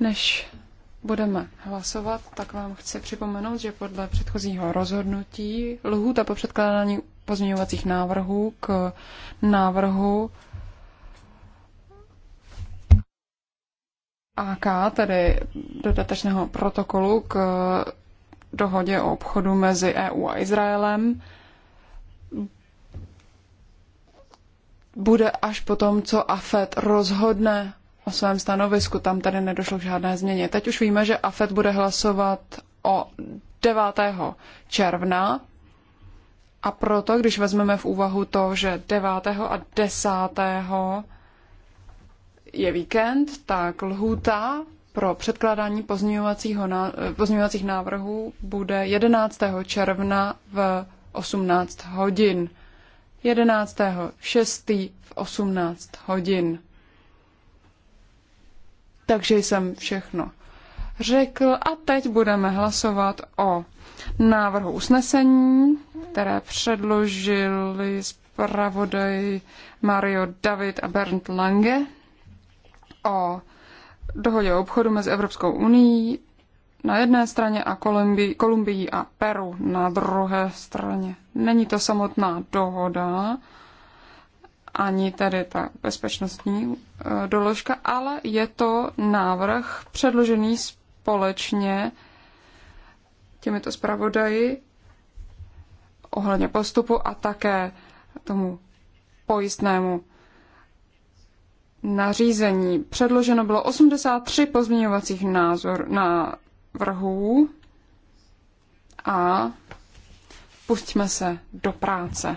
Než budeme hlasovat, tak vám chci připomenout, že podle předchozího rozhodnutí lhůta po předkládání pozměňovacích návrhů k návrhu AK, tedy dodatečného protokolu k eh, dohodě o obchodu mezi EU a Izraelem, bude až po tom, co AFED rozhodne o svém stanovisku. Tam tady nedošlo k žádné změně. Teď už víme, že AFED bude hlasovat o 9. června a proto, když vezmeme v úvahu to, že 9. a 10 je víkend, tak lhůta pro předkládání pozměňovacích návrhů bude 11. června v 18 hodin. 11. 6. v 18 hodin. Takže jsem všechno řekl a teď budeme hlasovat o návrhu usnesení, které předložili zpravodaj Mario David a Bernd Lange o dohodě o obchodu mezi Evropskou unii na jedné straně a Kolumbii, Kolumbií a Peru na druhé straně. Není to samotná dohoda, ani tedy ta bezpečnostní e, doložka, ale je to návrh předložený společně těmito zpravodaji ohledně postupu a také tomu pojistnému nařízení. Předloženo bylo 83 pozměňovacích názor na vrhů a pustíme se do práce.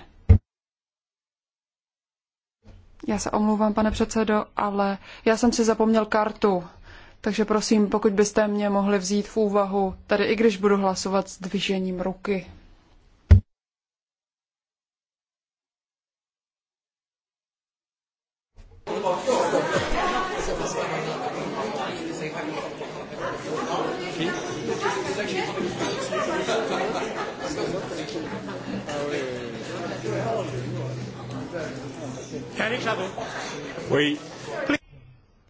Já se omlouvám, pane předsedo, ale já jsem si zapomněl kartu. Takže prosím, pokud byste mě mohli vzít v úvahu, tady i když budu hlasovat s dvižením ruky. Oh,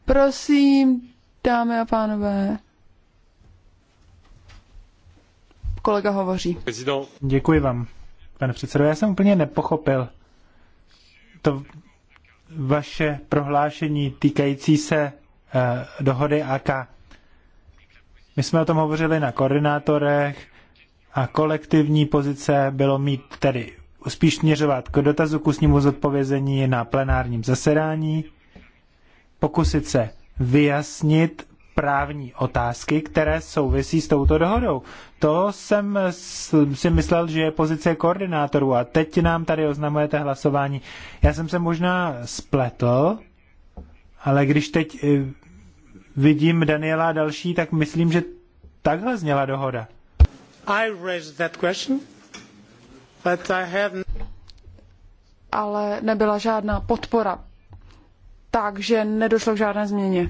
Prosím, dámy a pánové. Kolega hovoří. Děkuji vám, pane předsedo. Já jsem úplně nepochopil to vaše prohlášení týkající se uh, dohody AK. My jsme o tom hovořili na koordinátorech a kolektivní pozice bylo mít tedy spíš směřovat k dotazu k ústnímu zodpovězení na plenárním zasedání, pokusit se vyjasnit právní otázky, které souvisí s touto dohodou. To jsem si myslel, že je pozice koordinátorů a teď nám tady oznamujete hlasování. Já jsem se možná spletl, ale když teď eh, vidím Daniela a další, tak myslím, že takhle zněla dohoda. I raised that question. Ale nebyla žádná podpora, takže nedošlo k žádné změně.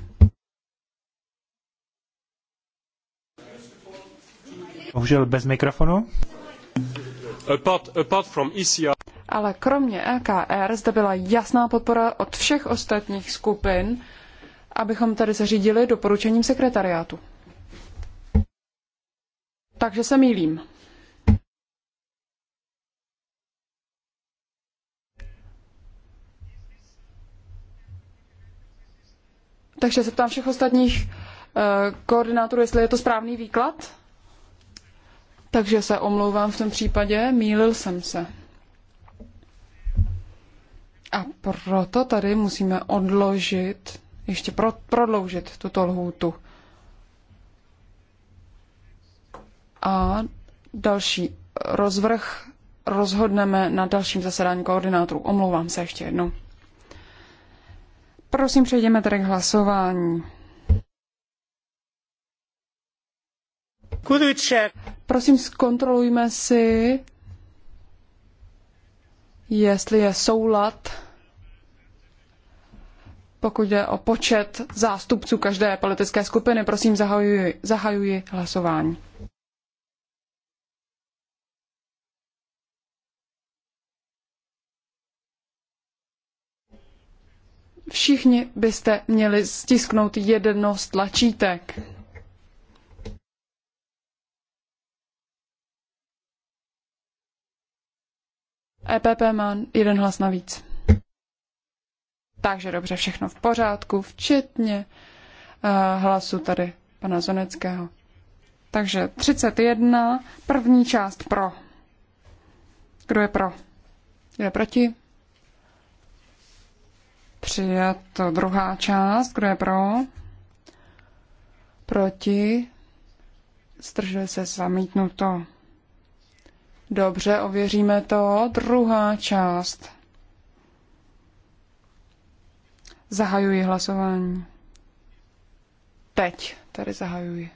Bohužel bez mikrofonu. Apart, apart from ECR. Ale kromě EKR zde byla jasná podpora od všech ostatních skupin, abychom tady zařídili doporučením sekretariátu. Takže se mýlím. Takže se ptám všech ostatních eh, koordinátorů, jestli je to správný výklad. Takže se omlouvám v tom případě, mýlil jsem se. A proto tady musíme odložit, ještě pro, prodloužit tuto lhůtu. A další rozvrh rozhodneme na dalším zasedání koordinátorů. Omlouvám se ještě jednou. Prosím, přejdeme tedy k hlasování. Prosím, zkontrolujme si, jestli je soulad, pokud jde o počet zástupců každé politické skupiny. Prosím, zahajuji, zahajuji hlasování. všichni byste měli stisknout jedno z tlačítek. EPP má jeden hlas navíc. Takže dobře, všechno v pořádku, včetně uh, hlasu tady pana Zoneckého. Takže 31, první část pro. Kdo je pro? Kdo je proti? přijat druhá část. Kdo je pro? Proti? Zdrželi se zamítnuto. Dobře, ověříme to. Druhá část. Zahajuji hlasování. Teď tady zahajuji.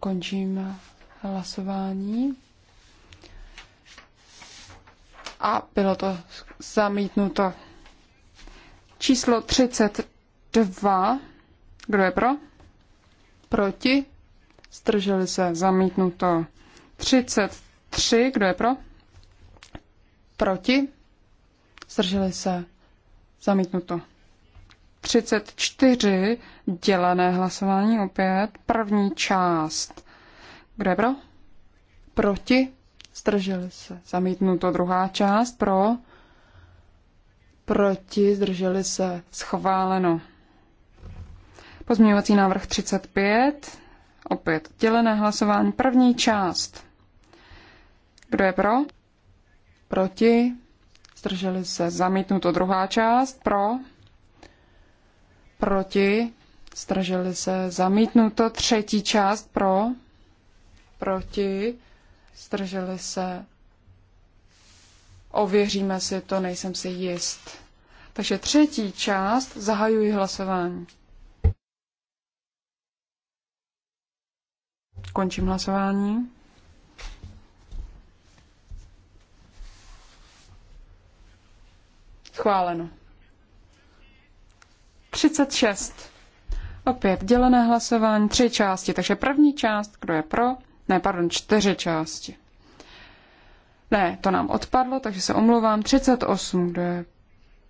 Končím hlasování a bylo to zamítnuto. Číslo 32. Kdo je pro? Proti? Strželi se. Zamítnuto. 33. Kdo je pro? Proti? Strželi se. Zamítnuto. 34. Dělené hlasování opět. První část. Kdo je pro? Proti? zdrželi se. Zamítnuto druhá část pro, proti, zdrželi se, schváleno. Pozměňovací návrh 35, opět dělené hlasování, první část. Kdo je pro? Proti, zdrželi se, zamítnuto druhá část, pro, proti, zdrželi se, zamítnuto třetí část, pro, proti, zdrželi se, ověříme si to, nejsem si jist. Takže třetí část, zahajuji hlasování. Končím hlasování. Schváleno. 36. Opět dělené hlasování, tři části. Takže první část, kdo je pro, ne, pardon, čtyři části. Ne, to nám odpadlo, takže se omlouvám. 38, kdo je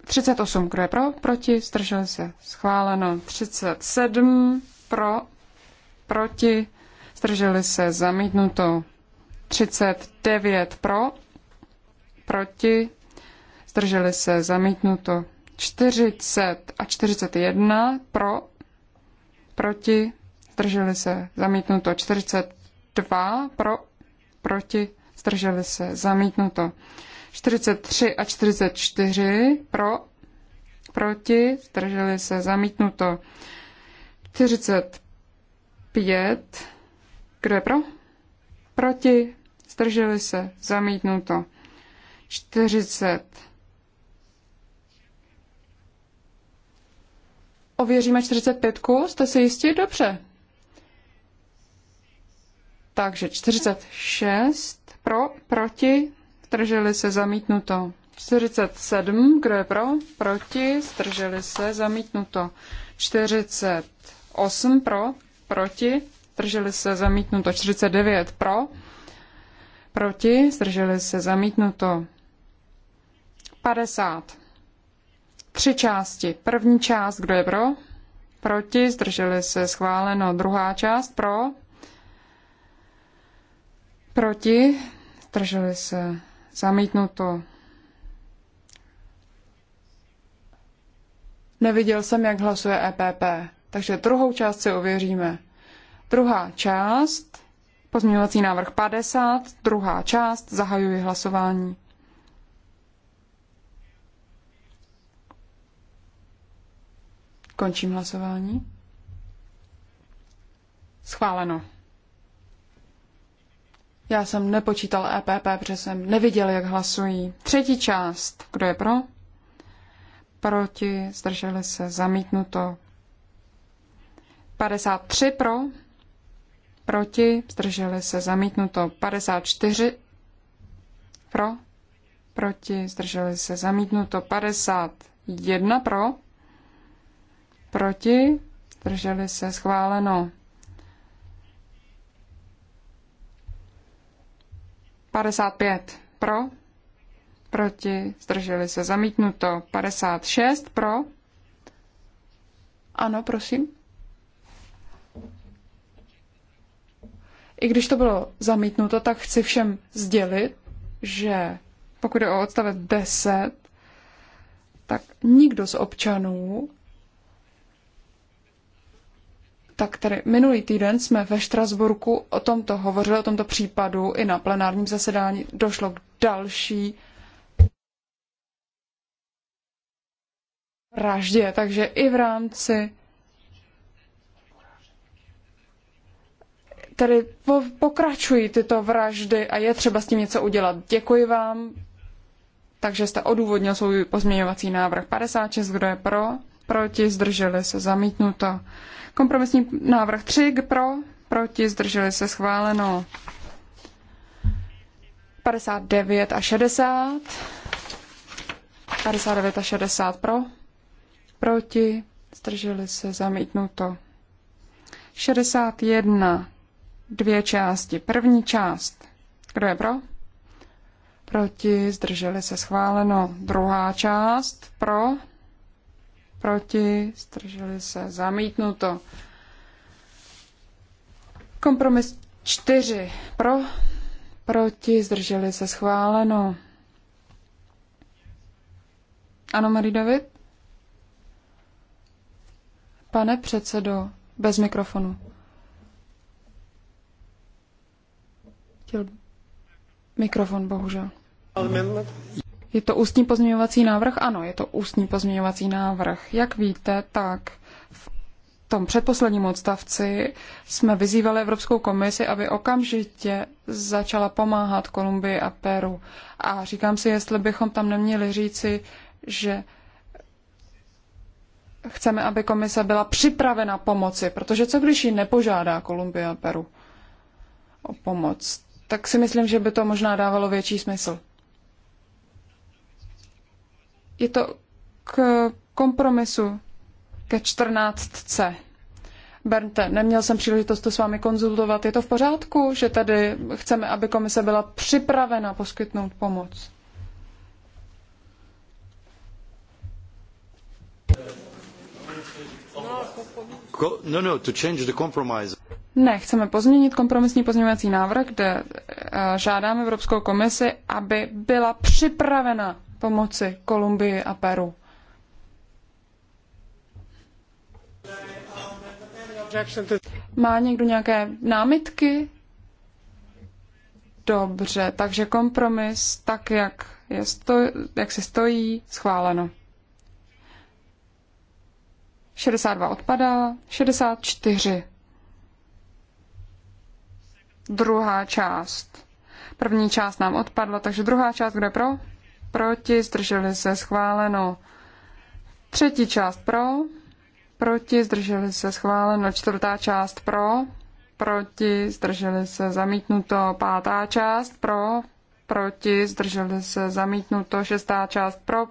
38, kdo je pro, proti, zdrželi se, schváleno. 37, pro, proti, zdrželi se, zamítnuto. 39 pro, proti, zdrželi se, zamítnuto. 40 a 41 pro, proti, zdrželi se, zamítnuto. 40 42 pro, proti, zdrželi se, zamítnuto. 43 a 44 pro, proti, zdrželi se, zamítnuto. 45, kdo je pro? Proti, zdrželi se, zamítnuto. 40. Ověříme 45, jste si jistí? Dobře. Takže 46 pro, proti, zdrželi se zamítnuto. 47, kdo je pro, proti, zdrželi se zamítnuto. 48 pro, proti, zdrželi se zamítnuto. 49 pro, proti, zdrželi se zamítnuto. 50. Tři části. První část, kdo je pro? Proti, zdrželi se schváleno. Druhá část pro, Proti? Zdrželi se. Zamítnuto. Neviděl jsem, jak hlasuje EPP. Takže druhou část si ověříme. Druhá část, pozměňovací návrh 50, druhá část, zahajuji hlasování. Končím hlasování. Schváleno. Já jsem nepočítal EPP, protože jsem neviděl, jak hlasují. Třetí část. Kdo je pro? Proti. Zdrželi se. Zamítnuto. 53 pro. Proti. Zdrželi se. Zamítnuto. 54 pro. Proti. Zdrželi se. Zamítnuto. 51 pro. Proti. Zdrželi se. Schváleno. 55 pro, proti, zdrželi se zamítnuto 56 pro. Ano, prosím. I když to bylo zamítnuto, tak chci všem sdělit, že pokud je o odstavec 10, tak nikdo z občanů tak tedy minulý týden jsme ve Štrasburku o tomto hovořili, o tomto případu i na plenárním zasedání. Došlo k další vraždě, takže i v rámci tedy po, pokračují tyto vraždy a je třeba s tím něco udělat. Děkuji vám. Takže jste odůvodnil svůj pozměňovací návrh 56, kdo je pro, proti, zdrželi se, zamítnuto. Kompromisní návrh 3 pro, proti, zdrželi se schváleno 59 a 60. 59 a 60 pro, proti, zdrželi se zamítnuto. 61, dvě části. První část, kdo je pro? Proti, zdrželi se schváleno. Druhá část, pro, proti, zdrželi se, zamítnuto. Kompromis 4 pro, proti, zdrželi se, schváleno. Ano, Marie David? Pane předsedo, bez mikrofonu. Chtěl mikrofon, bohužel. Je to ústní pozměňovací návrh? Ano, je to ústní pozměňovací návrh. Jak víte, tak v tom předposledním odstavci jsme vyzývali Evropskou komisi, aby okamžitě začala pomáhat Kolumbii a Peru. A říkám si, jestli bychom tam neměli říci, že chceme, aby komise byla připravena pomoci, protože co když ji nepožádá Kolumbie a Peru o pomoc, tak si myslím, že by to možná dávalo větší smysl je to k kompromisu ke 14C. Bernte, neměl jsem příležitost to s vámi konzultovat. Je to v pořádku, že tady chceme, aby komise byla připravena poskytnout pomoc? No, no, to change the compromise. Ne, chceme pozměnit kompromisní pozměňovací návrh, kde eh, žádáme Evropskou komisi, aby byla připravena pomoci Kolumbii a Peru. Má někdo nějaké námitky? Dobře, takže kompromis tak, jak, je sto, jak se stojí, schváleno. 62 odpadá, 64. Druhá část. První část nám odpadla, takže druhá část, kde pro? proti, zdrželi se, schváleno. Třetí část pro, proti, zdrželi se, schváleno. Čtvrtá část pro, proti, zdrželi se, zamítnuto. Pátá část pro, proti, zdrželi se, zamítnuto. Šestá část pro,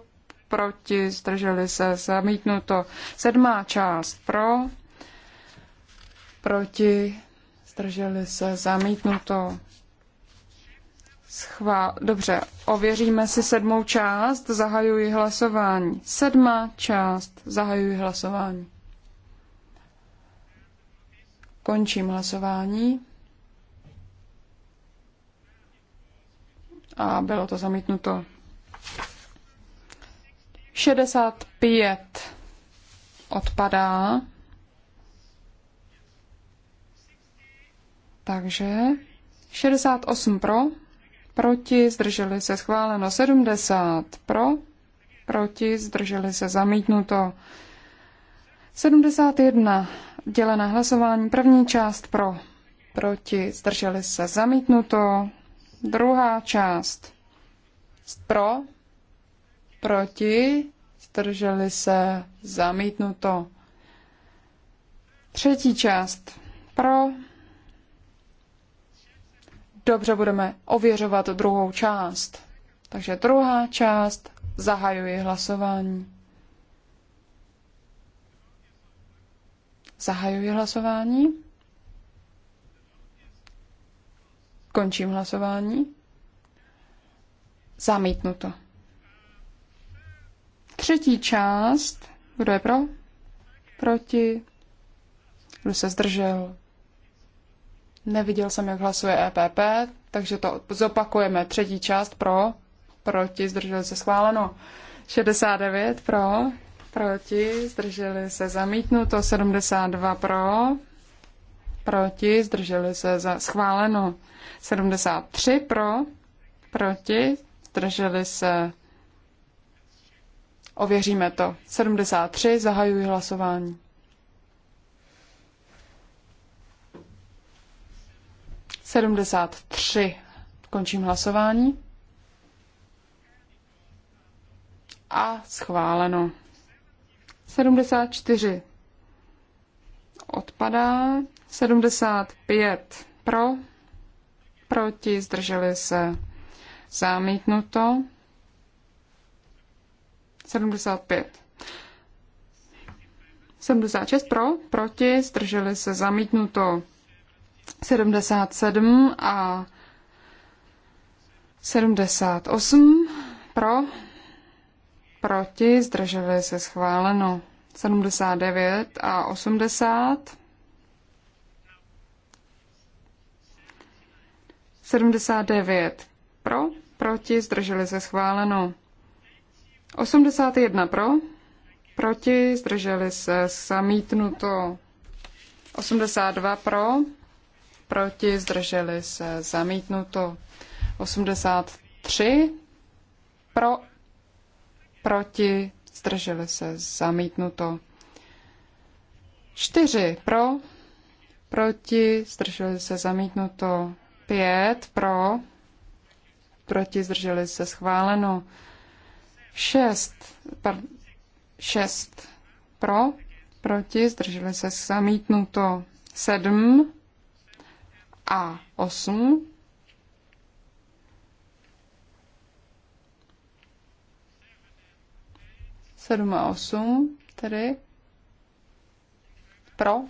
proti, zdrželi se, zamítnuto. Sedmá část pro, proti, zdrželi se, zamítnuto. Schvál. Dobře, ověříme si sedmou část, zahajuji hlasování. Sedma část, zahajuji hlasování. Končím hlasování. A bylo to zamítnuto. 65 odpadá. Takže 68 pro proti, zdrželi se schváleno 70 pro, proti, zdrželi se zamítnuto 71 dělené hlasování, první část pro, proti, zdrželi se zamítnuto, druhá část pro, proti, zdrželi se zamítnuto. Třetí část pro, Dobře, budeme ověřovat druhou část. Takže druhá část, zahajuji hlasování. Zahajuji hlasování. Končím hlasování. Zamítnuto. Třetí část. Kdo je pro? Proti. Kdo se zdržel? Neviděl jsem, jak hlasuje EPP, takže to zopakujeme. Třetí část pro, proti, zdrželi se schváleno. 69 pro, proti, zdrželi se zamítnuto. 72 pro, proti, zdrželi se za schváleno. 73 pro, proti, zdrželi se. Ověříme to. 73, zahajuji hlasování. 73. Končím hlasování. A schváleno. 74 odpadá. 75 pro, proti, zdrželi se zamítnuto. 75. 76 pro, proti, zdrželi se zamítnuto. 77 a 78 pro, proti, zdrželi se schváleno. 79 a 80. 79 pro, proti, zdrželi se schváleno. 81 pro, proti, zdrželi se zamítnuto. 82 pro, proti, zdrželi se zamítnuto. 83 pro, proti, zdrželi se zamítnuto. 4 pro, proti, zdrželi se zamítnuto. 5 pro, proti, zdrželi se schváleno. 6, 6 pro, proti, zdrželi se zamítnuto. 7 a8 7 a 8, tedy pro,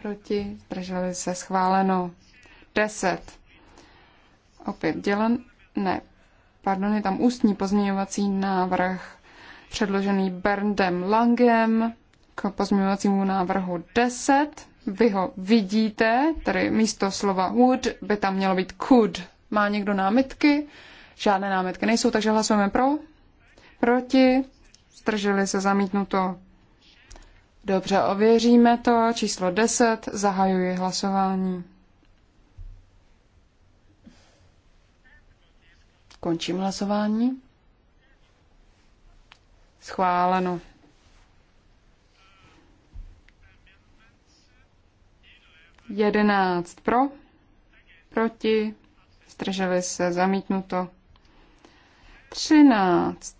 proti, zdrželi se, schváleno 10. Opět dělen, ne, pardon, je tam ústní pozměňovací návrh předložený Berndem Langem k pozměňovacímu návrhu 10. Vy ho vidíte, tedy místo slova would by tam mělo být could. Má někdo námitky? Žádné námitky nejsou, takže hlasujeme pro. Proti. Zdrželi se zamítnuto. Dobře, ověříme to. Číslo 10. Zahajuji hlasování. Končím hlasování. Schváleno. 11 pro, proti, zdrželi se, zamítnuto. 13.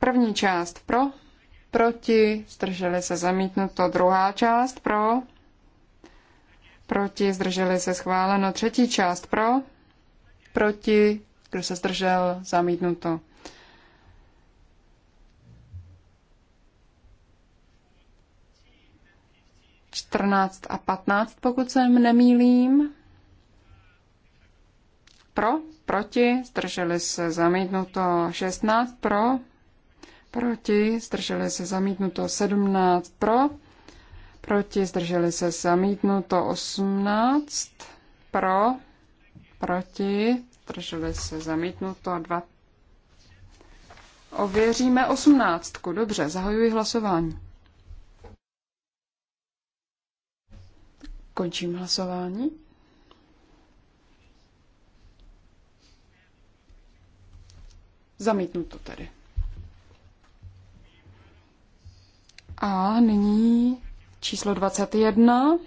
První část pro, proti, zdrželi se, zamítnuto. Druhá část pro, proti, zdrželi se, schváleno. Třetí část pro, proti, kdo se zdržel, zamítnuto. 14 a 15, pokud se nemýlím. Pro, proti, zdrželi se zamítnuto 16 pro, proti, zdrželi se zamítnuto 17 pro, proti, zdrželi se zamítnuto 18 pro, proti, zdrželi se zamítnuto 2. Ověříme 18. Dobře, zahajuji hlasování. Končím hlasování. Zamítnuto tedy. A nyní číslo 21.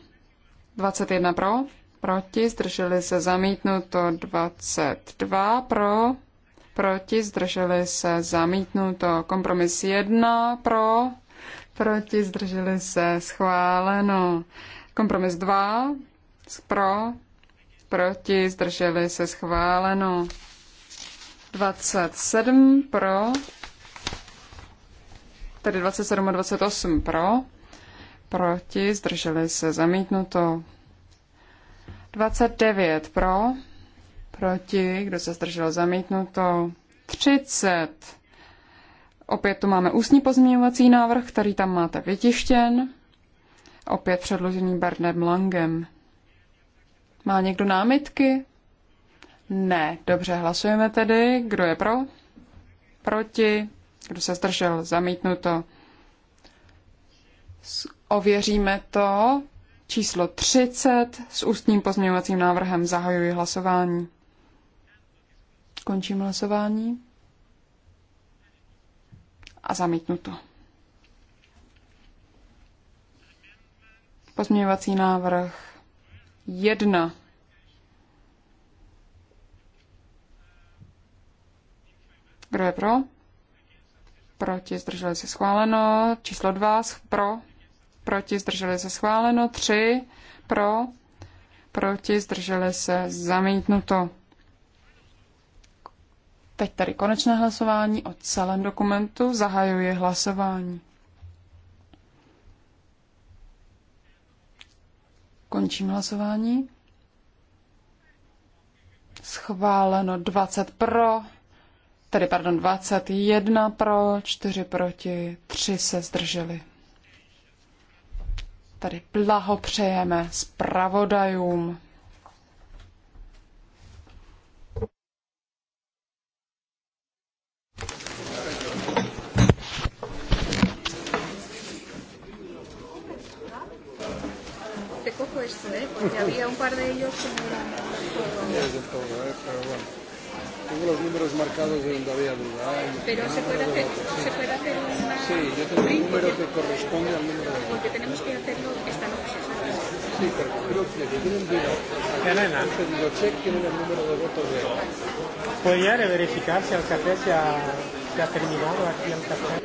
21 pro, proti, zdrželi se zamítnuto 22 pro, proti, zdrželi se zamítnuto kompromis 1 pro, proti, zdrželi se schváleno. Kompromis 2. Pro. Proti. Zdrželi se schváleno. 27 pro. Tedy 27 a 28 pro. Proti. Zdrželi se zamítnuto. 29 pro. Proti. Kdo se zdržel zamítnuto. 30. Opět tu máme ústní pozměňovací návrh, který tam máte vytištěn opět předložený Bernem Langem. Má někdo námitky? Ne. Dobře, hlasujeme tedy. Kdo je pro? Proti? Kdo se zdržel? Zamítnuto. Ověříme to. Číslo 30 s ústním pozměňovacím návrhem zahajuji hlasování. Končím hlasování. A zamítnuto. Pozměňovací návrh 1. Kdo je pro? Proti zdrželi se schváleno. Číslo 2 pro. Proti zdrželi se schváleno. 3 pro. Proti zdrželi se zamítnuto. Teď tady konečné hlasování o celém dokumentu. Zahajuji hlasování. Končím hlasování. Schváleno 20 pro, tedy pardon, 21 pro, 4 proti, 3 se zdrželi. Tady blahopřejeme zpravodajům. resto, ¿eh? porque había un par de ellos que no eran del todo. ¿eh? Pero bueno, tengo los números marcados de donde había duda. ¿eh? Pero se puede, hacer, se puede hacer una... Sí, yo tengo un número que corresponde al número de... Porque tenemos que hacerlo esta noche. Sí, pero creo que si tienen duda, no han pedido check, tienen el número de votos de... él. ¿Podría verificar si el café se ha, se ha terminado aquí en el café?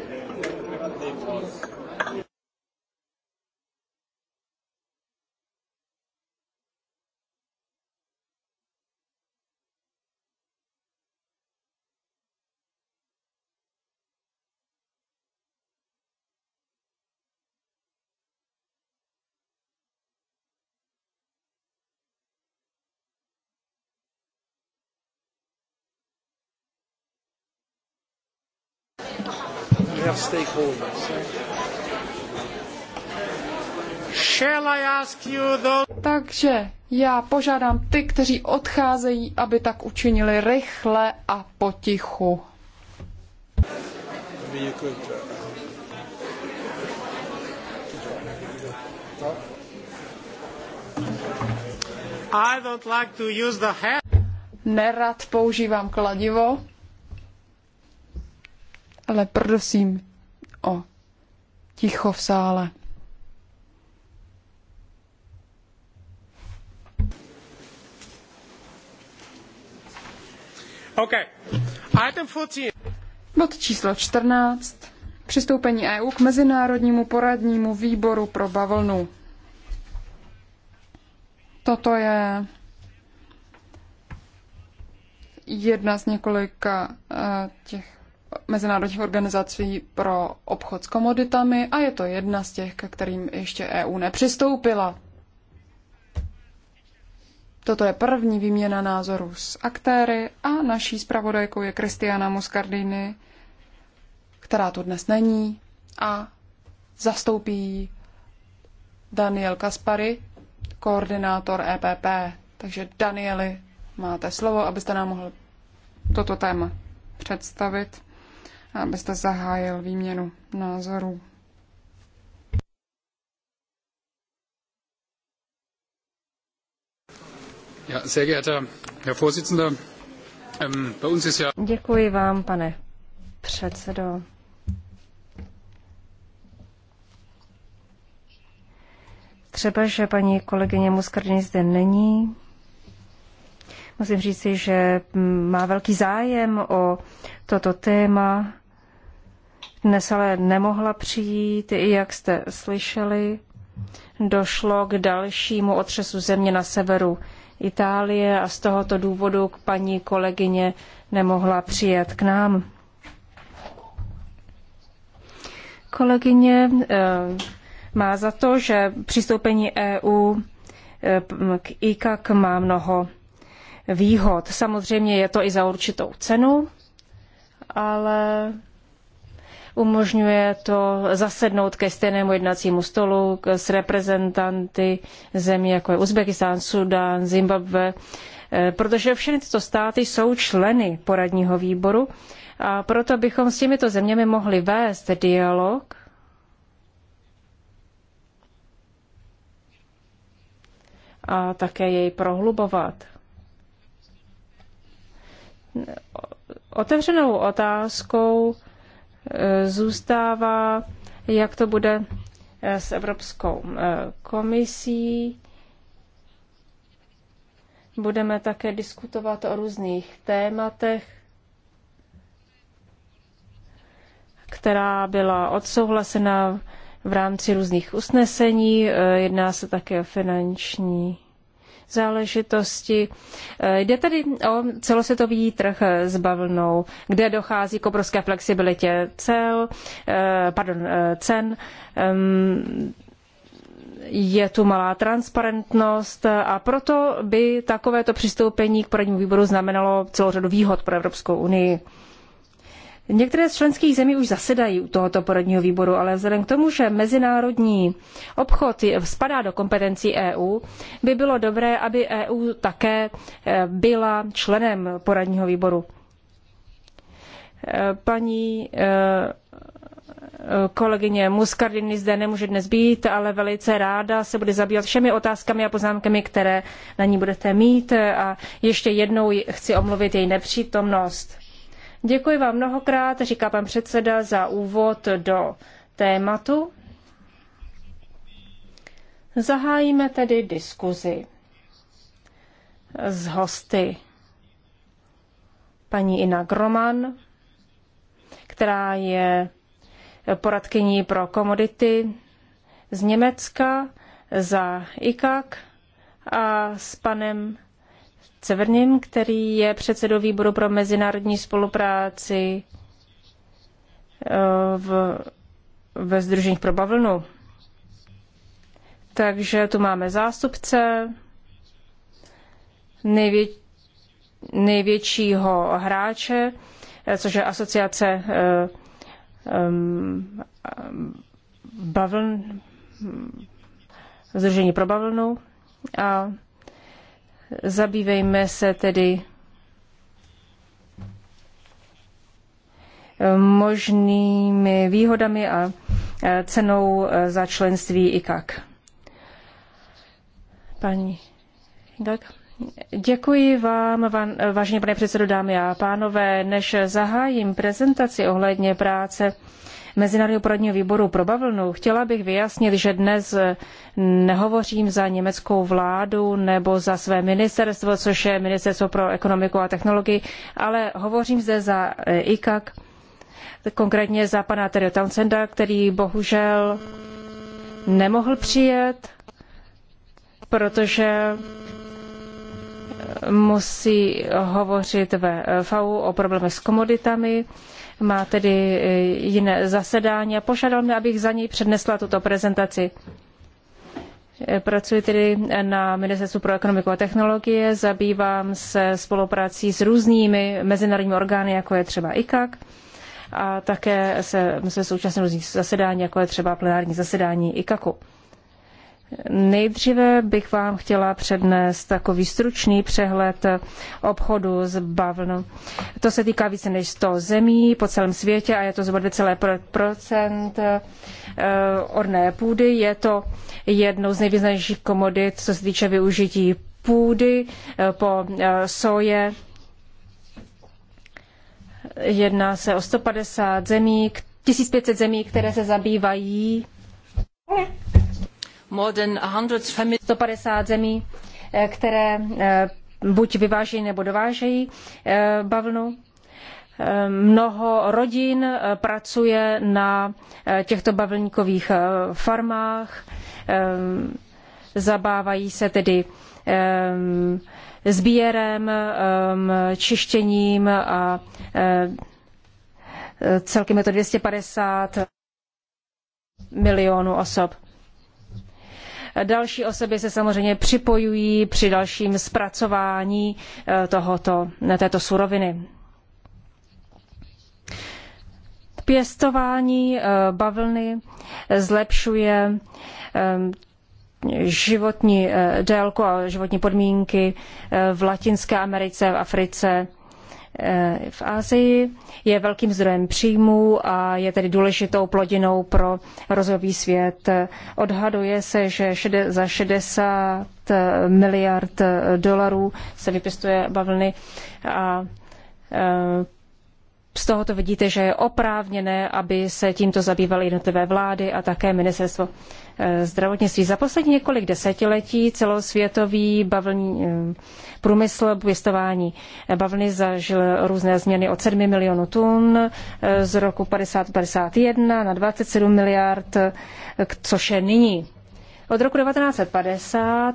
our stakeholders. Shall I ask you those... Takže já požádám ty, kteří odcházejí, aby tak učinili rychle a potichu. I don't like to use the Nerad používám kladivo ale prosím o ticho v sále. Okay. Item 14. Bod číslo 14. Přistoupení EU k Mezinárodnímu poradnímu výboru pro bavlnu. Toto je jedna z několika eh, těch mezinárodních organizací pro obchod s komoditami a je to jedna z těch, ke kterým ještě EU nepřistoupila. Toto je první výměna názorů s aktéry a naší zpravodajkou je Kristiana Muscardini, která tu dnes není a zastoupí Daniel Kaspary, koordinátor EPP. Takže Danieli, máte slovo, abyste nám mohl toto téma představit abyste zahájil výměnu názorů. Děkuji vám, pane předsedo. Třeba, že paní kolegyně Muskardini zde není. Musím říci, že mm, má velký zájem o toto téma dnes ale nemohla přijít, jak jste slyšeli. Došlo k dalšímu otřesu země na severu Itálie a z tohoto důvodu k paní kolegyně nemohla přijet k nám. Kolegyně eh, má za to, že přistoupení EU eh, k IKAK má mnoho výhod. Samozřejmě je to i za určitou cenu, ale Umožňuje to zasednout ke stejnému jednacímu stolu s reprezentanty zemí, jako je Uzbekistán, Sudán, Zimbabwe, eh, protože všechny tyto státy jsou členy poradního výboru a proto bychom s těmito zeměmi mohli vést dialog a také jej prohlubovat. Otevřenou otázkou Eh, zůstává, jak to bude eh, s Evropskou eh, komisí. Budeme také diskutovat o různých tématech, která byla odsouhlasena v rámci různých usnesení. Jedná se také o finanční záležitosti. E, jde tedy o celosvětový trh s bavlnou, kde dochází k obrovské flexibilitě cel, e, pardon, e, cen. Je tu malá transparentnost a proto by takovéto přistoupení k poradnímu výboru znamenalo celou řadu výhod pro Evropskou unii. Některé z členských zemí už zasedají u tohoto poradního výboru, ale vzhledem k tomu, že mezinárodní obchod spadá do kompetencí EU, by bylo dobré, aby EU také eh, byla členem poradního výboru. Eh, paní eh, kolegyně Muscardini zde nemůže dnes být, ale velice ráda se bude zabývat všemi otázkami a poznámkami, které na ní budete mít a ještě jednou chci omluvit její nepřítomnost. Děkuji vám mnohokrát, říká pan předseda, za úvod do tématu. Zahájíme tedy diskuzi s hosty. Paní Ina Groman, která je poradkyní pro komodity z Německa za IKAK a s panem Severním, který je předsedou výboru pro mezinárodní spolupráci eh, v, ve Združení pro bavlnu. Takže tu máme zástupce nejvě, největšího hráče, eh, což je asociace um, bavln, hm, Združení pro bavlnu. A Zabývejme se tedy možnými výhodami a cenou e, za členství IKAK. Paní tak. Děkuji vám, vážně, pane předsedo, dámy a pánové. Než zahájím prezentaci ohledně práce Mezinárodního poradního výboru pro bavlnu, chtěla bych vyjasnit, že dnes nehovořím za německou vládu nebo za své ministerstvo, což je Ministerstvo pro ekonomiku a technologii, ale hovořím zde za eh, ICAC, konkrétně za pana Terry Townsenda, který bohužel nemohl přijet, protože eh, musí hovořit ve eh, FAU o problémech s komoditami má tedy e, jiné zasedání a požádal mě, abych za něj přednesla tuto prezentaci. E, pracuji tedy na Ministerstvu pro ekonomiku a technologie, zabývám se spoluprací s různými mezinárodními orgány, jako je třeba ICAC, a také se, se současně různých zasedání, jako je třeba plenární zasedání ICACu. Nejdříve bych vám chtěla přednést takový stručný přehled obchodu s bavlnou. To se týká více než 100 zemí po celém světě a je to zhruba 2,5 eh, orné půdy. Je to jednou z nejvýznamnějších komodit, co se týče využití půdy eh, po eh, soje. Jedná se o 150 zemí, 1500 zemí, které se zabývají. Ne 150 zemí, eh, které eh, buď vyvážejí nebo dovážejí eh, bavlnu. Mnoho rodin pracuje na těchto bavlníkových farmách, zabávají se tedy sbírem, čištěním a celkem je to 250 milionů osob. Další osoby se samozřejmě připojují při dalším zpracování eh, tohoto, této suroviny. Pěstování eh, bavlny zlepšuje eh, životní délku a životní podmínky v Latinské Americe, v Africe Eh, v Asii, je velkým zdrojem příjmů a je tedy důležitou plodinou pro rozvojový svět. Odhaduje se, že za 60 eh, miliard eh, dolarů se vypěstuje bavlny a z tohoto vidíte, že je oprávněné, aby se tímto zabývaly jednotlivé vlády a také ministerstvo eh, zdravotnictví. Za poslední několik desetiletí celosvětový bavlní, eh, průmysl pěstování bavlny zažil různé změny od 7 milionů tun eh, z roku 50-51 na 27 miliard, což je nyní. Od roku 1950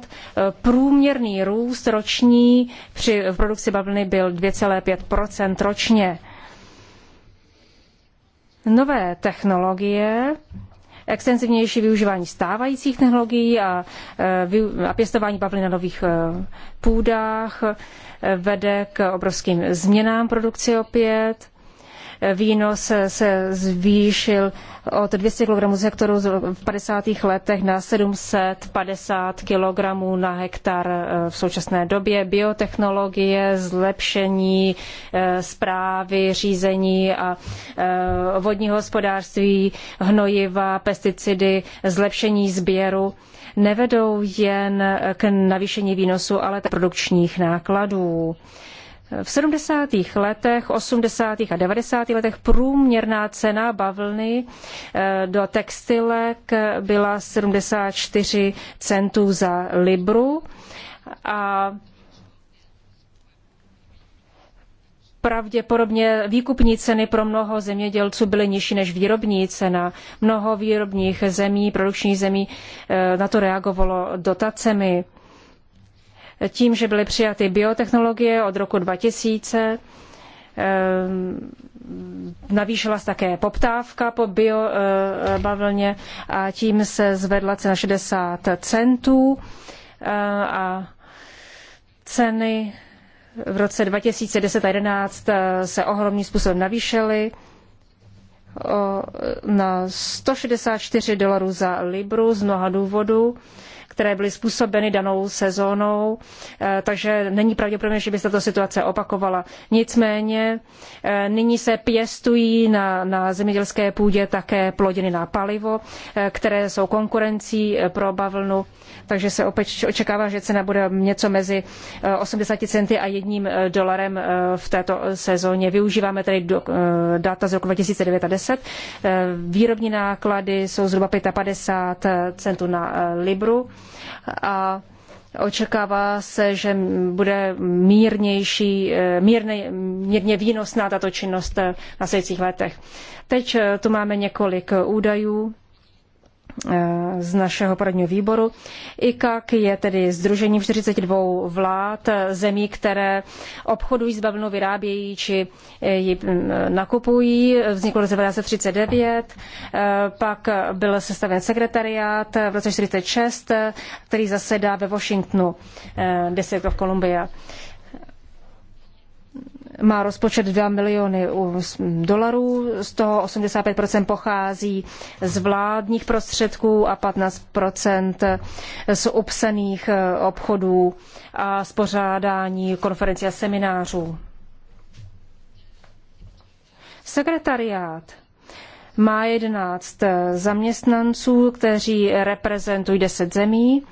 průměrný růst roční při produkci bavlny byl 2,5 ročně Nové technologie, extenzivnější využívání stávajících technologií a, e, a pěstování bavlny na nových e, půdách e, vede k obrovským změnám produkce opět výnos se zvýšil od 200 kg z hektaru v 50. letech na 750 kg na hektar eh, v současné době. Biotechnologie, zlepšení zprávy, eh, řízení a eh, vodního hospodářství, hnojiva, pesticidy, zlepšení sběru nevedou jen k navýšení výnosu, ale také produkčních nákladů. V 70. letech, 80. a 90. letech průměrná cena bavlny eh, do textilek byla 74 centů za libru a Pravděpodobně výkupní ceny pro mnoho zemědělců byly nižší než výrobní cena. Mnoho výrobních zemí, produkčních zemí eh, na to reagovalo dotacemi tím, že byly přijaty biotechnologie od roku 2000, ehm, navýšila se také poptávka po biobavlně eh, a tím se zvedla cena 60 centů eh, a ceny v roce 2010 a 2011 eh, se ohromným způsobem navýšily na 164 dolarů za libru z mnoha důvodů které byly způsobeny danou sezónou, eh, takže není pravděpodobné, že by se tato situace opakovala. Nicméně eh, nyní se pěstují na, na zemědělské půdě také plodiny na palivo, eh, které jsou konkurencí pro bavlnu, takže se opět očekává, že cena bude něco mezi 80 centy a jedním dolarem v této sezóně. Využíváme tedy data z roku 2009 a 10. Výrobní náklady jsou zhruba 55 centů na libru a očekává se, že bude mírnější, eh, mírně, mírně výnosná tato činnost v následujících letech. Teď eh, tu máme několik eh, údajů Eh, z našeho poradního výboru. ICAC je tedy združení 42 vlád eh, zemí, které obchodují s bavlnou, vyrábějí či eh, ji mm, nakupují. Vzniklo v roce 1939, pak byl sestaven sekretariát v roce 1946, který zasedá ve Washingtonu, District of Columbia má rozpočet 2 miliony dolarů, z toho 85% pochází z vládních prostředků a 15% z upsaných eh, obchodů a z konferencí a seminářů. Sekretariát má 11 eh, zaměstnanců, kteří reprezentují 10 zemí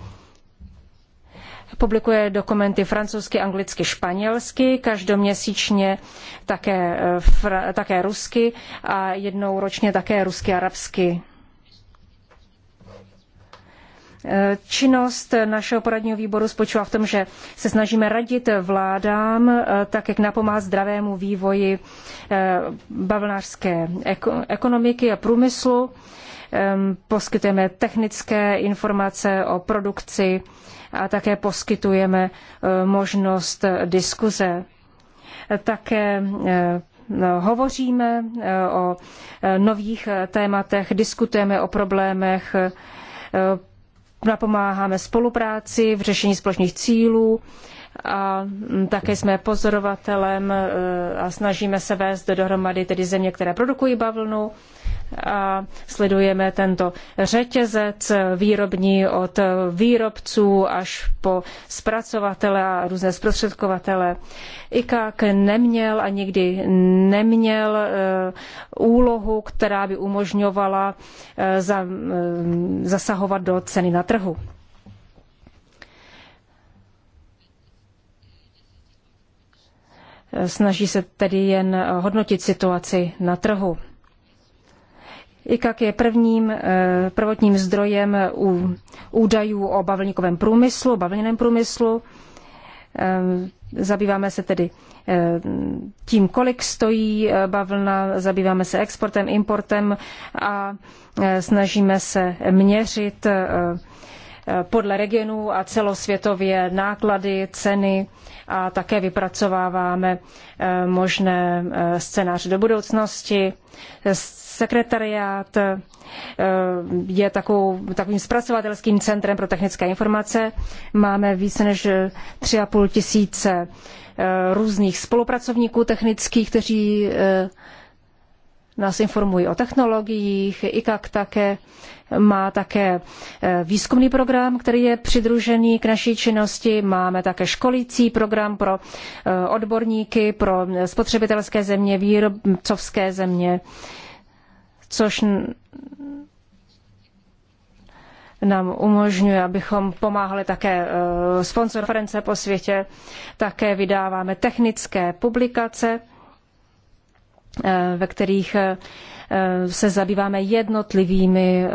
Publikuje dokumenty francouzsky, anglicky, španělsky, každoměsíčně také, eh, také rusky a jednou ročně také rusky, arabsky. Eh, činnost našeho poradního výboru spočívá v tom, že se snažíme radit vládám, eh, tak jak napomáhat zdravému vývoji bavlnářské ekonomiky a průmyslu poskytujeme technické informace o produkci a také poskytujeme eh, možnost diskuze. Také eh, no, hovoříme eh, o nových tématech, diskutujeme o problémech, napomáháme spolupráci v řešení společných cílů a mm, také jsme pozorovatelem a snažíme se vést dohromady tedy země, které produkují bavlnu a sledujeme tento řetězec výrobní od výrobců až po zpracovatele a různé zprostředkovatele. IKAK neměl a nikdy neměl e, úlohu, která by umožňovala e, e, zasahovat do ceny na trhu. Snaží se tedy jen hodnotit situaci na trhu. IKAK je prvním eh, prvotním zdrojem údajů o bavlníkovém průmyslu, bavlněném průmyslu. Eh, zabýváme se tedy eh, tím, kolik stojí bavlna, zabýváme se exportem, importem a snažíme se měřit podle regionů a celosvětově náklady, ceny a také vypracováváme možné scénáře do budoucnosti. Sekretariát eh, je takovou, takovým zpracovatelským centrem pro technické informace. Máme více než 3,5 tisíce eh, různých spolupracovníků technických, kteří eh, nás informují o technologiích. IKAK také má také výzkumný program, který je přidružený k naší činnosti. Máme také školící program pro odborníky, pro spotřebitelské země, výrobcovské země což nám umožňuje, abychom pomáhali také eh, sponsorference po světě. Také vydáváme technické publikace, eh, ve kterých eh, se zabýváme jednotlivými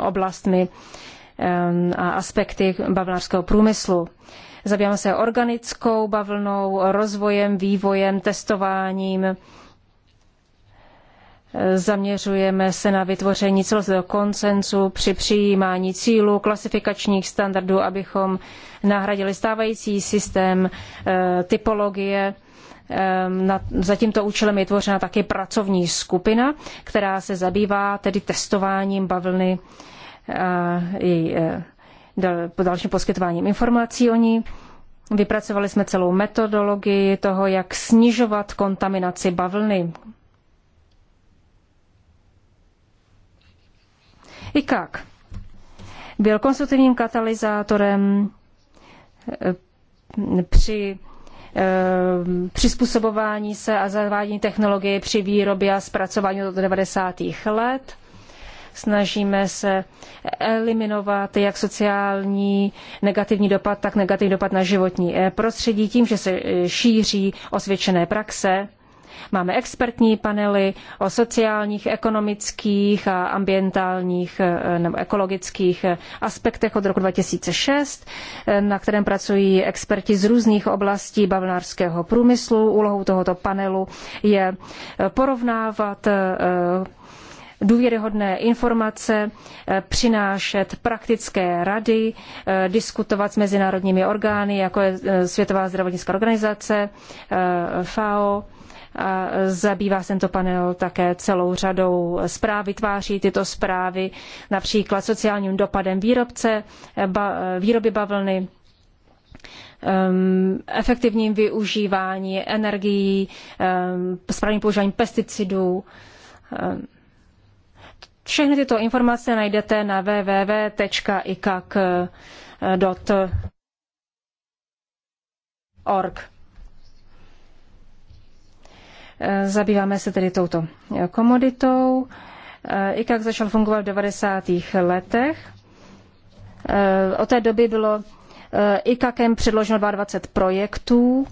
oblastmi a aspekty bavlnářského průmyslu. Zabýváme se organickou bavlnou, rozvojem, vývojem, testováním, Zaměřujeme se na vytvoření celostého koncensu při přijímání cílů, klasifikačních standardů, abychom nahradili stávající systém eh, typologie. Ehm, za tímto účelem je tvořena také pracovní skupina, která se zabývá tedy testováním bavlny a eh, její eh, dalším poskytováním informací o ní. Vypracovali jsme celou metodologii toho, jak snižovat kontaminaci bavlny, IKAK byl konstruktivním katalyzátorem eh, při eh, přizpůsobování se a zavádění technologie při výrobě a zpracování od 90. let. Snažíme se eliminovat jak sociální negativní dopad, tak negativní dopad na životní eh, prostředí tím, že se šíří osvědčené praxe Máme expertní panely o sociálních, ekonomických a ambientálních eh, nebo ekologických eh, aspektech od roku 2006, eh, na kterém pracují experti z různých oblastí bavlnářského průmyslu. Úlohou tohoto panelu je porovnávat důvěryhodné informace, přinášet praktické rady, diskutovat s mezinárodními orgány, jako je Světová zdravotnická organizace, FAO, a zabývá se tento panel také celou řadou zpráv, vytváří tyto zprávy například sociálním dopadem výrobce, ba, výroby bavlny, um, efektivním využívání energií, um, správným používáním pesticidů. Um, všechny tyto informace najdete na www.ikak.org. Zabýváme se tedy touto komoditou. E, IKAK začal fungovat v 90. letech. E, od té doby bylo e, IKAKem předloženo 22 projektů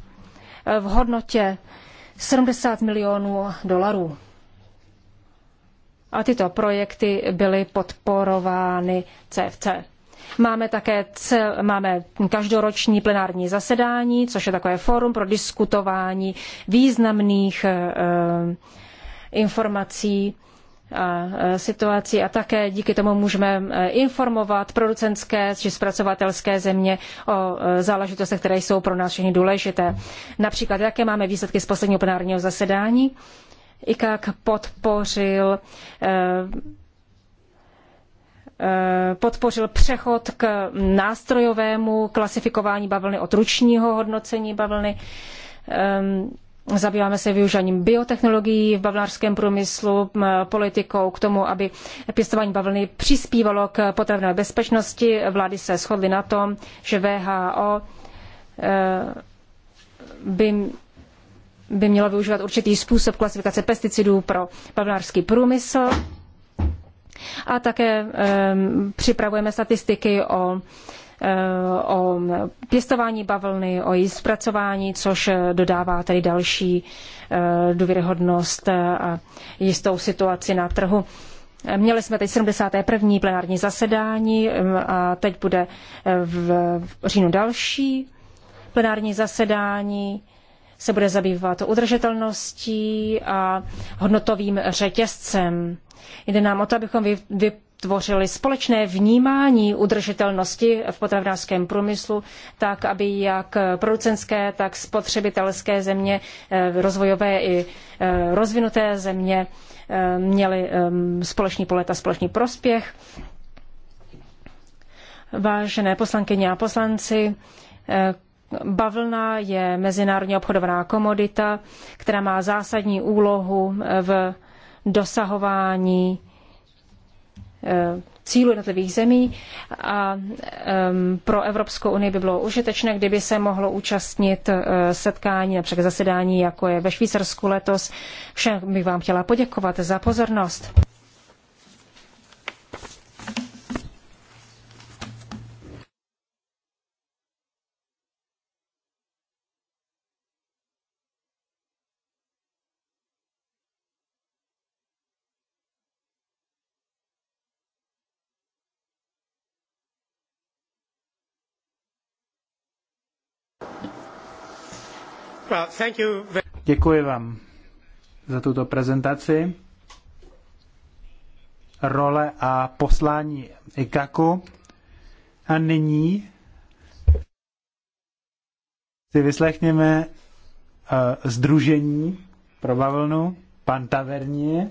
v hodnotě 70 milionů dolarů. A tyto projekty byly podporovány CFC. Máme také cel, máme každoroční plenární zasedání, což je takové fórum pro diskutování významných eh, eh, informací a eh, situací a také díky tomu můžeme informovat producentské či zpracovatelské země o záležitostech, které jsou pro nás všechny důležité. Například, jaké máme výsledky z posledního plenárního zasedání. jak podpořil Eh, podpořil přechod k nástrojovému klasifikování bavlny od ručního hodnocení bavlny. Ehm, zabýváme se využíváním biotechnologií v bavlnářském průmyslu, politikou k tomu, aby pěstování bavlny přispívalo k potravinové bezpečnosti. Vlády se shodly na tom, že VHO eh, by, by mělo využívat určitý způsob klasifikace pesticidů pro bavlnářský průmysl a také připravujeme statistiky o eh, o pěstování bavlny, o její zpracování, což eh, dodává tedy další eh, důvěryhodnost a jistou situaci na trhu. Měli jsme teď 71. plenární zasedání a teď bude v říjnu další plenární zasedání se bude zabývat udržitelností a hodnotovým řetězcem. Jde nám o to, abychom vytvořili společné vnímání udržitelnosti v potravinářském průmyslu, tak aby jak producentské, tak spotřebitelské země, eh, rozvojové i eh, rozvinuté země eh, měly společný polet a společný prospěch. Vážené poslankyně a poslanci, Bavlna je mezinárodně obchodovaná komodita, která má zásadní úlohu v dosahování eh, cílů jednotlivých zemí a ehm, pro Evropskou unii by bylo užitečné, kdyby se mohlo účastnit eh, setkání, například zasedání, jako je ve Švýcarsku letos. Všem bych vám chtěla poděkovat za pozornost. Děkuji vám za tuto prezentaci. Role a poslání IKAKu. A nyní si vyslechněme uh, Združení pro bavlnu, pan Tavernie.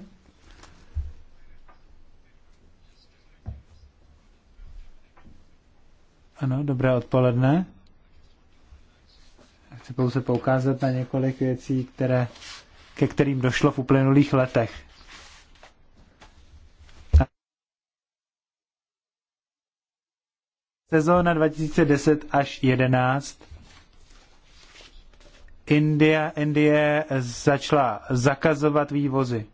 Ano, dobré odpoledne. Chci pouze poukázat na několik věcí, které, ke kterým došlo v uplynulých letech. Sezóna 2010 až 11 India, Indie začala zakazovat vývozy.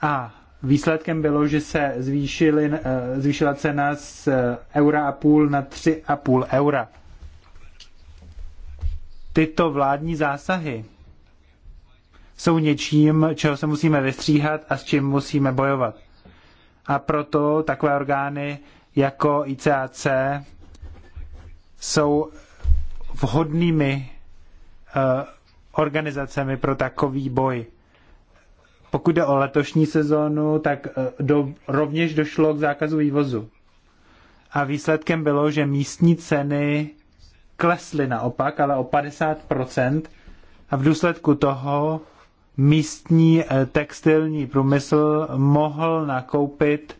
A výsledkem bylo, že se zvýšily, eh, zvýšila cena z eh, eura a půl na tři a půl eura tyto vládní zásahy jsou něčím, čeho se musíme vystříhat a s čím musíme bojovat. A proto takové orgány jako ICAC jsou vhodnými eh, organizacemi pro takový boj. Pokud jde o letošní sezónu, tak eh, do, rovněž došlo k zákazu vývozu. A výsledkem bylo, že místní ceny klesly naopak, ale o 50% a v důsledku toho místní eh, textilní průmysl mohl nakoupit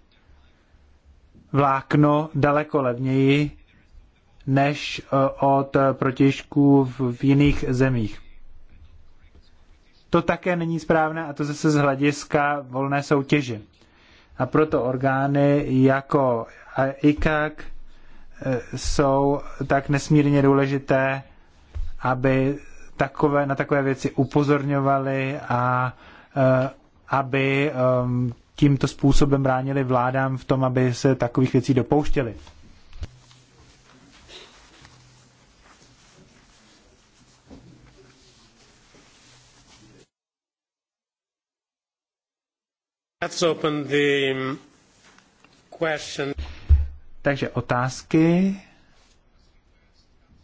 vlákno daleko levněji než eh, od protěžků v jiných zemích. To také není správné a to zase z hlediska volné soutěže. A proto orgány jako ICAC jsou tak nesmírně důležité, aby takové, na takové věci upozorňovali a eh, aby ehm, tímto způsobem bránili vládám v tom, aby se takových věcí dopouštěli. Let's open the mm, question. Takže otázky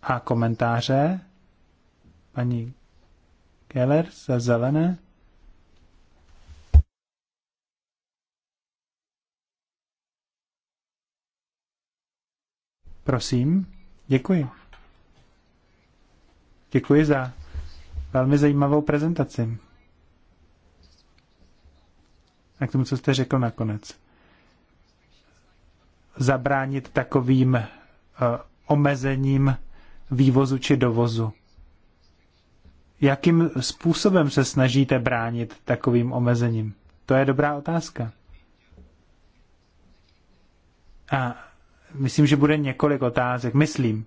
a komentáře. Paní Keller za zelené. Prosím, děkuji. Děkuji za velmi zajímavou prezentaci. A k tomu, co jste řekl nakonec zabránit takovým eh, omezením vývozu či dovozu? Jakým způsobem se snažíte bránit takovým omezením? To je dobrá otázka. A myslím, že bude několik otázek. Myslím.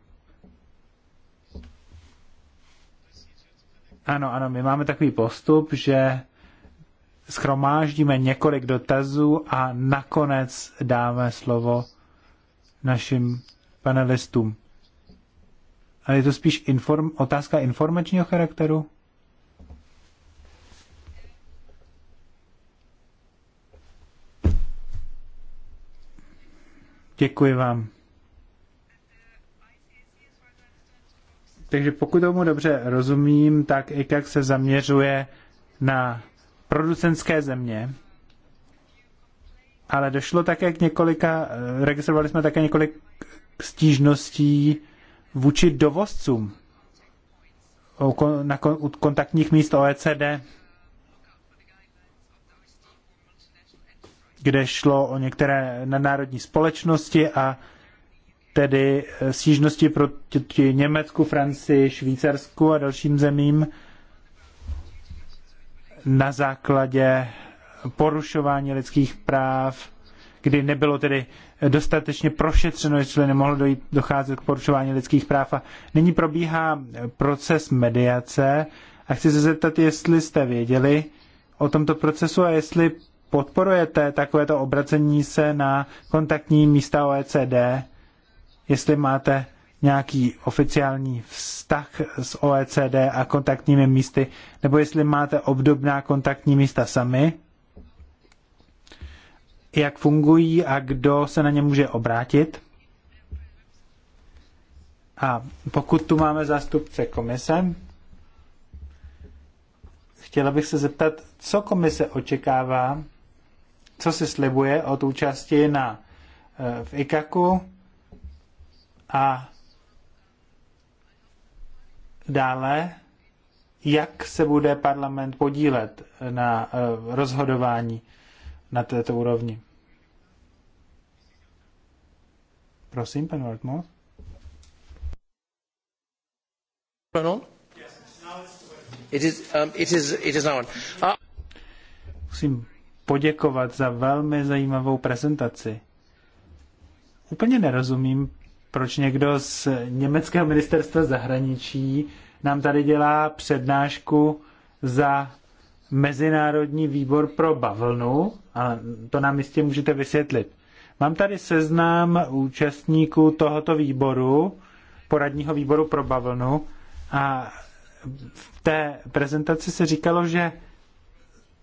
Ano, ano, my máme takový postup, že schromáždíme několik dotazů a nakonec dáme slovo našim panelistům. Ale je to spíš inform, otázka informačního charakteru? Děkuji vám. Takže pokud tomu dobře rozumím, tak IKAK se zaměřuje na producentské země ale došlo také k několika, eh, registrovali jsme také několik stížností vůči dovozcům na kontaktních míst OECD, kde šlo o některé nadnárodní společnosti a tedy eh, stížnosti proti Německu, Francii, Švýcarsku a dalším zemím na základě porušování lidských práv, kdy nebylo tedy dostatečně prošetřeno, jestli nemohlo dojít, docházet k porušování lidských práv. A nyní probíhá proces mediace a chci se zeptat, jestli jste věděli o tomto procesu a jestli podporujete takovéto obracení se na kontaktní místa OECD, jestli máte nějaký oficiální vztah s OECD a kontaktními místy, nebo jestli máte obdobná kontaktní místa sami jak fungují a kdo se na ně může obrátit. A pokud tu máme zástupce komise, chtěla bych se zeptat, co komise očekává, co si slibuje od účasti na, eh, v IKAKu a dále, jak se bude parlament podílet na eh, rozhodování na této úrovni. Prosím, pan Wortmuth. Um, Musím poděkovat za velmi zajímavou prezentaci. Úplně nerozumím, proč někdo z německého ministerstva zahraničí nám tady dělá přednášku za Mezinárodní výbor pro bavlnu, a to nám jistě můžete vysvětlit. Mám tady seznam účastníků tohoto výboru, poradního výboru pro bavlnu, a v té prezentaci se říkalo, že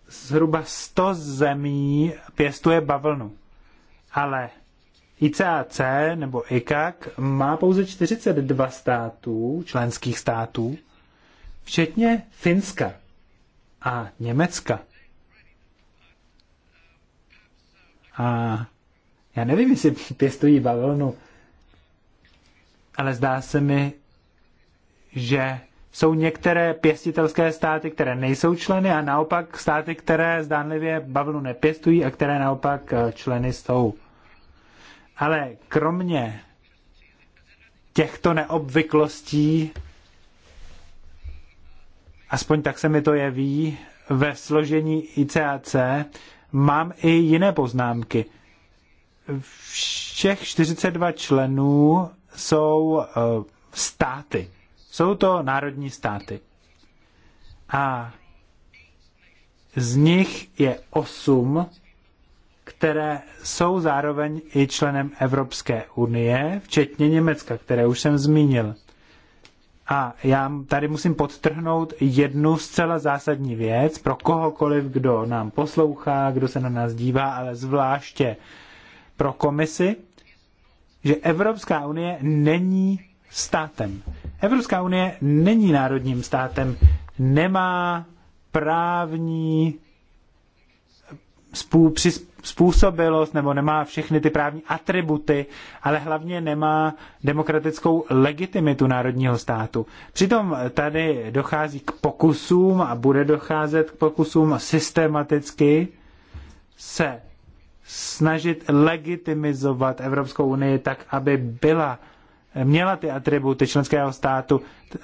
zhruba 100 zemí pěstuje bavlnu. Ale ICAC nebo ICAC má pouze 42 států, členských států, včetně Finska a Německa. A já nevím, jestli pěstují bavlnu, ale zdá se mi, že jsou některé pěstitelské státy, které nejsou členy a naopak státy, které zdánlivě bavlnu nepěstují a které naopak eh, členy jsou. Ale kromě těchto neobvyklostí aspoň tak se mi to jeví, ve složení ICAC mám i jiné poznámky. Všech 42 členů jsou eh, státy. Jsou to národní státy. A z nich je osm, které jsou zároveň i členem Evropské unie, včetně Německa, které už jsem zmínil. A já tady musím podtrhnout jednu zcela zásadní věc pro kohokoliv, kdo nám poslouchá, kdo se na nás dívá, ale zvláště pro komisi, že Evropská unie není státem. Evropská unie není národním státem, nemá právní způsobilost nebo nemá všechny ty právní atributy, ale hlavně nemá demokratickou legitimitu národního státu. Přitom tady dochází k pokusům a bude docházet k pokusům systematicky se snažit legitimizovat Evropskou unii tak, aby byla měla ty atributy členského státu,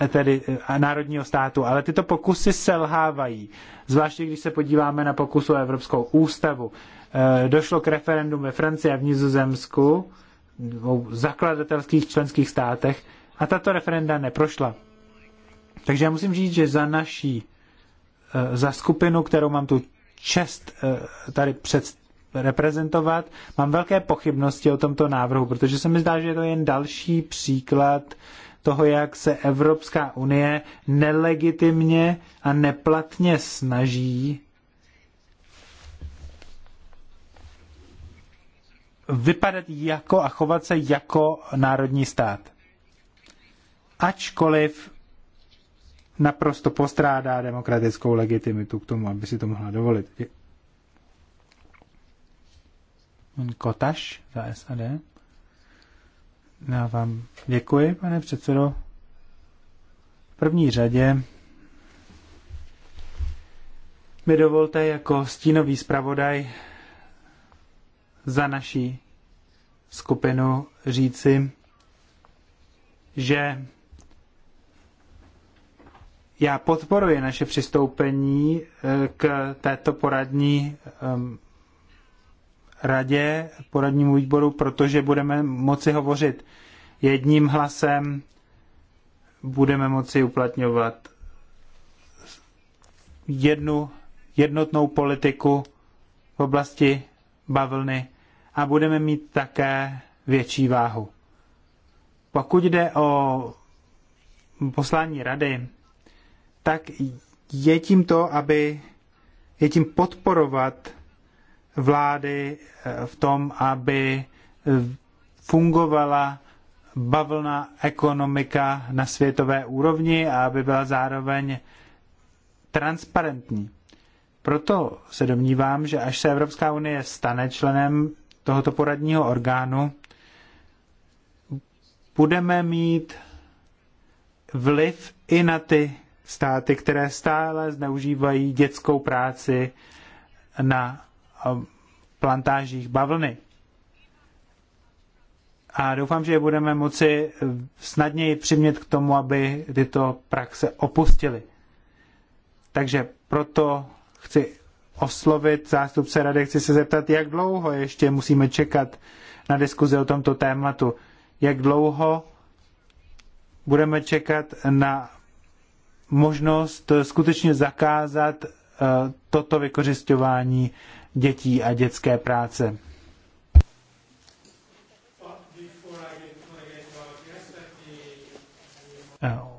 tedy eh, národního státu, ale tyto pokusy selhávají. Zvláště když se podíváme na pokus o Evropskou ústavu. Eh, došlo k referendum ve Francii a v Nizozemsku, v zakladatelských členských státech, a tato referenda neprošla. Takže já musím říct, že za naší, eh, za skupinu, kterou mám tu čest tady před, reprezentovat. Mám velké pochybnosti o tomto návrhu, protože se mi zdá, že to je jen další příklad toho, jak se Evropská unie nelegitimně a neplatně snaží vypadat jako a chovat se jako národní stát. Ačkoliv naprosto postrádá demokratickou legitimitu k tomu, aby si to mohla dovolit. Kotaš za SAD. Já vám děkuji, pane předsedo. V první řadě mi dovolte jako stínový zpravodaj za naší skupinu říci, že já podporuji naše přistoupení eh, k této poradní ehm, radě, poradnímu výboru, protože budeme moci hovořit jedním hlasem, budeme moci uplatňovat jednu jednotnou politiku v oblasti bavlny a budeme mít také větší váhu. Pokud jde o poslání rady, tak je tím to, aby je tím podporovat vlády eh, v tom, aby fungovala bavlna ekonomika na světové úrovni a aby byla zároveň transparentní. Proto se domnívám, že až se Evropská unie stane členem tohoto poradního orgánu, budeme mít vliv i na ty státy, které stále zneužívají dětskou práci na plantážích bavlny. A doufám, že je budeme moci eh, snadněji přimět k tomu, aby tyto praxe opustili. Takže proto chci oslovit zástupce rady, chci se zeptat, jak dlouho ještě musíme čekat na diskuzi o tomto tématu. Jak dlouho budeme čekat na možnost skutečně zakázat eh, toto vykořišťování dětí a dětské práce.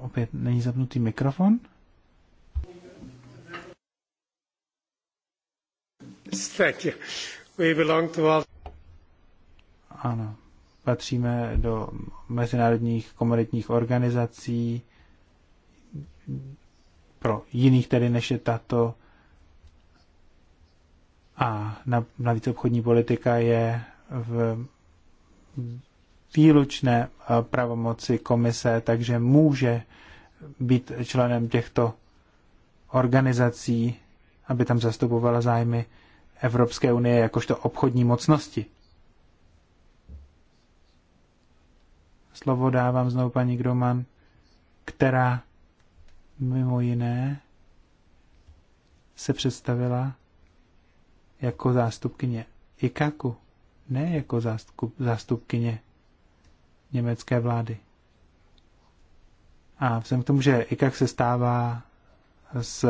opět není zapnutý mikrofon. Thank you. We belong to all... Ano, patříme do mezinárodních komunitních organizací pro jiných tedy než je tato a navíc obchodní politika je v výlučné eh, pravomoci komise, takže může být členem těchto organizací, aby tam zastupovala zájmy Evropské unie jakožto obchodní mocnosti. Slovo dávám znovu paní Groman, která mimo jiné se představila jako zástupkyně IKAKu, ne jako zástup, zástupkyně německé vlády. A vzhledem k tomu, že IKAK se stává z,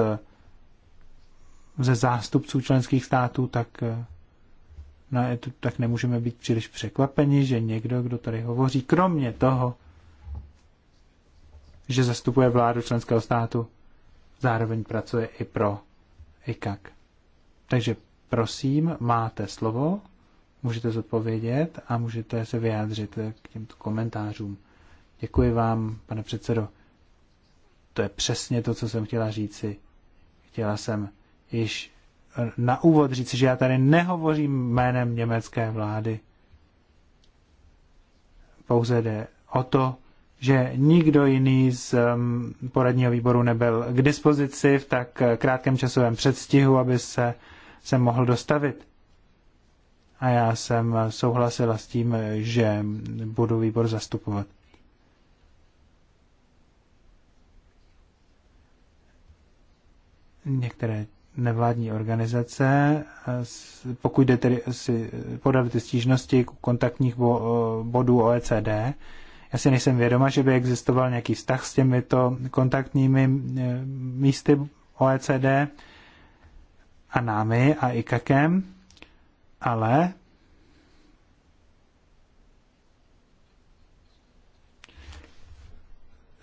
ze zástupců členských států, tak, eh, no, tak nemůžeme být příliš překvapeni, že někdo, kdo tady hovoří, kromě toho, že zastupuje vládu členského státu, zároveň pracuje i pro IKAK. Takže Prosím, máte slovo, můžete zodpovědět a můžete se vyjádřit k těmto komentářům. Děkuji vám, pane předsedo. To je přesně to, co jsem chtěla říci. Chtěla jsem již na úvod říci, že já tady nehovořím jménem německé vlády. Pouze jde o to, že nikdo jiný z um, poradního výboru nebyl k dispozici v tak krátkém časovém předstihu, aby se se mohl dostavit. A já jsem souhlasila s tím, že budu výbor zastupovat. Některé nevládní organizace, pokud jde tedy si podat ty stížnosti kontaktních bodů OECD, já si nejsem vědoma, že by existoval nějaký vztah s těmito kontaktními e, místy OECD a námi a IKAKem, ale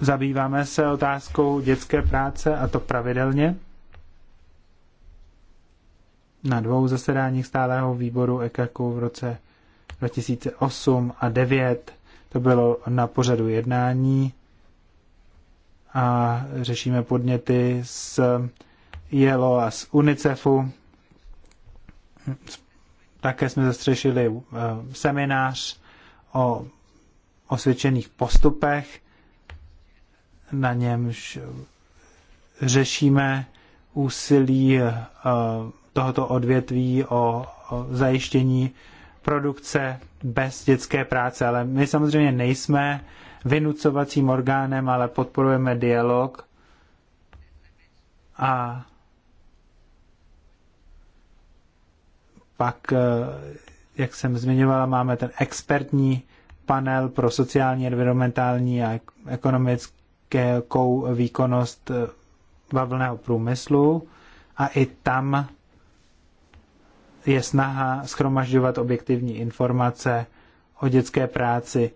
zabýváme se otázkou dětské práce a to pravidelně na dvou zasedáních stálého výboru EKAKu v roce 2008 a 2009. To bylo na pořadu jednání a řešíme podněty z ILO a z UNICEFu. Také jsme zastřešili eh, seminář o osvědčených postupech, na němž řešíme úsilí eh, tohoto odvětví o zajištění produkce bez dětské práce, ale my samozřejmě nejsme vynucovacím orgánem, ale podporujeme dialog a Pak, eh, jak jsem zmiňovala, máme ten expertní panel pro sociální, environmentální a ekonomickou výkonnost eh, bavlného průmyslu a i tam je snaha schromažďovat objektivní informace o dětské práci.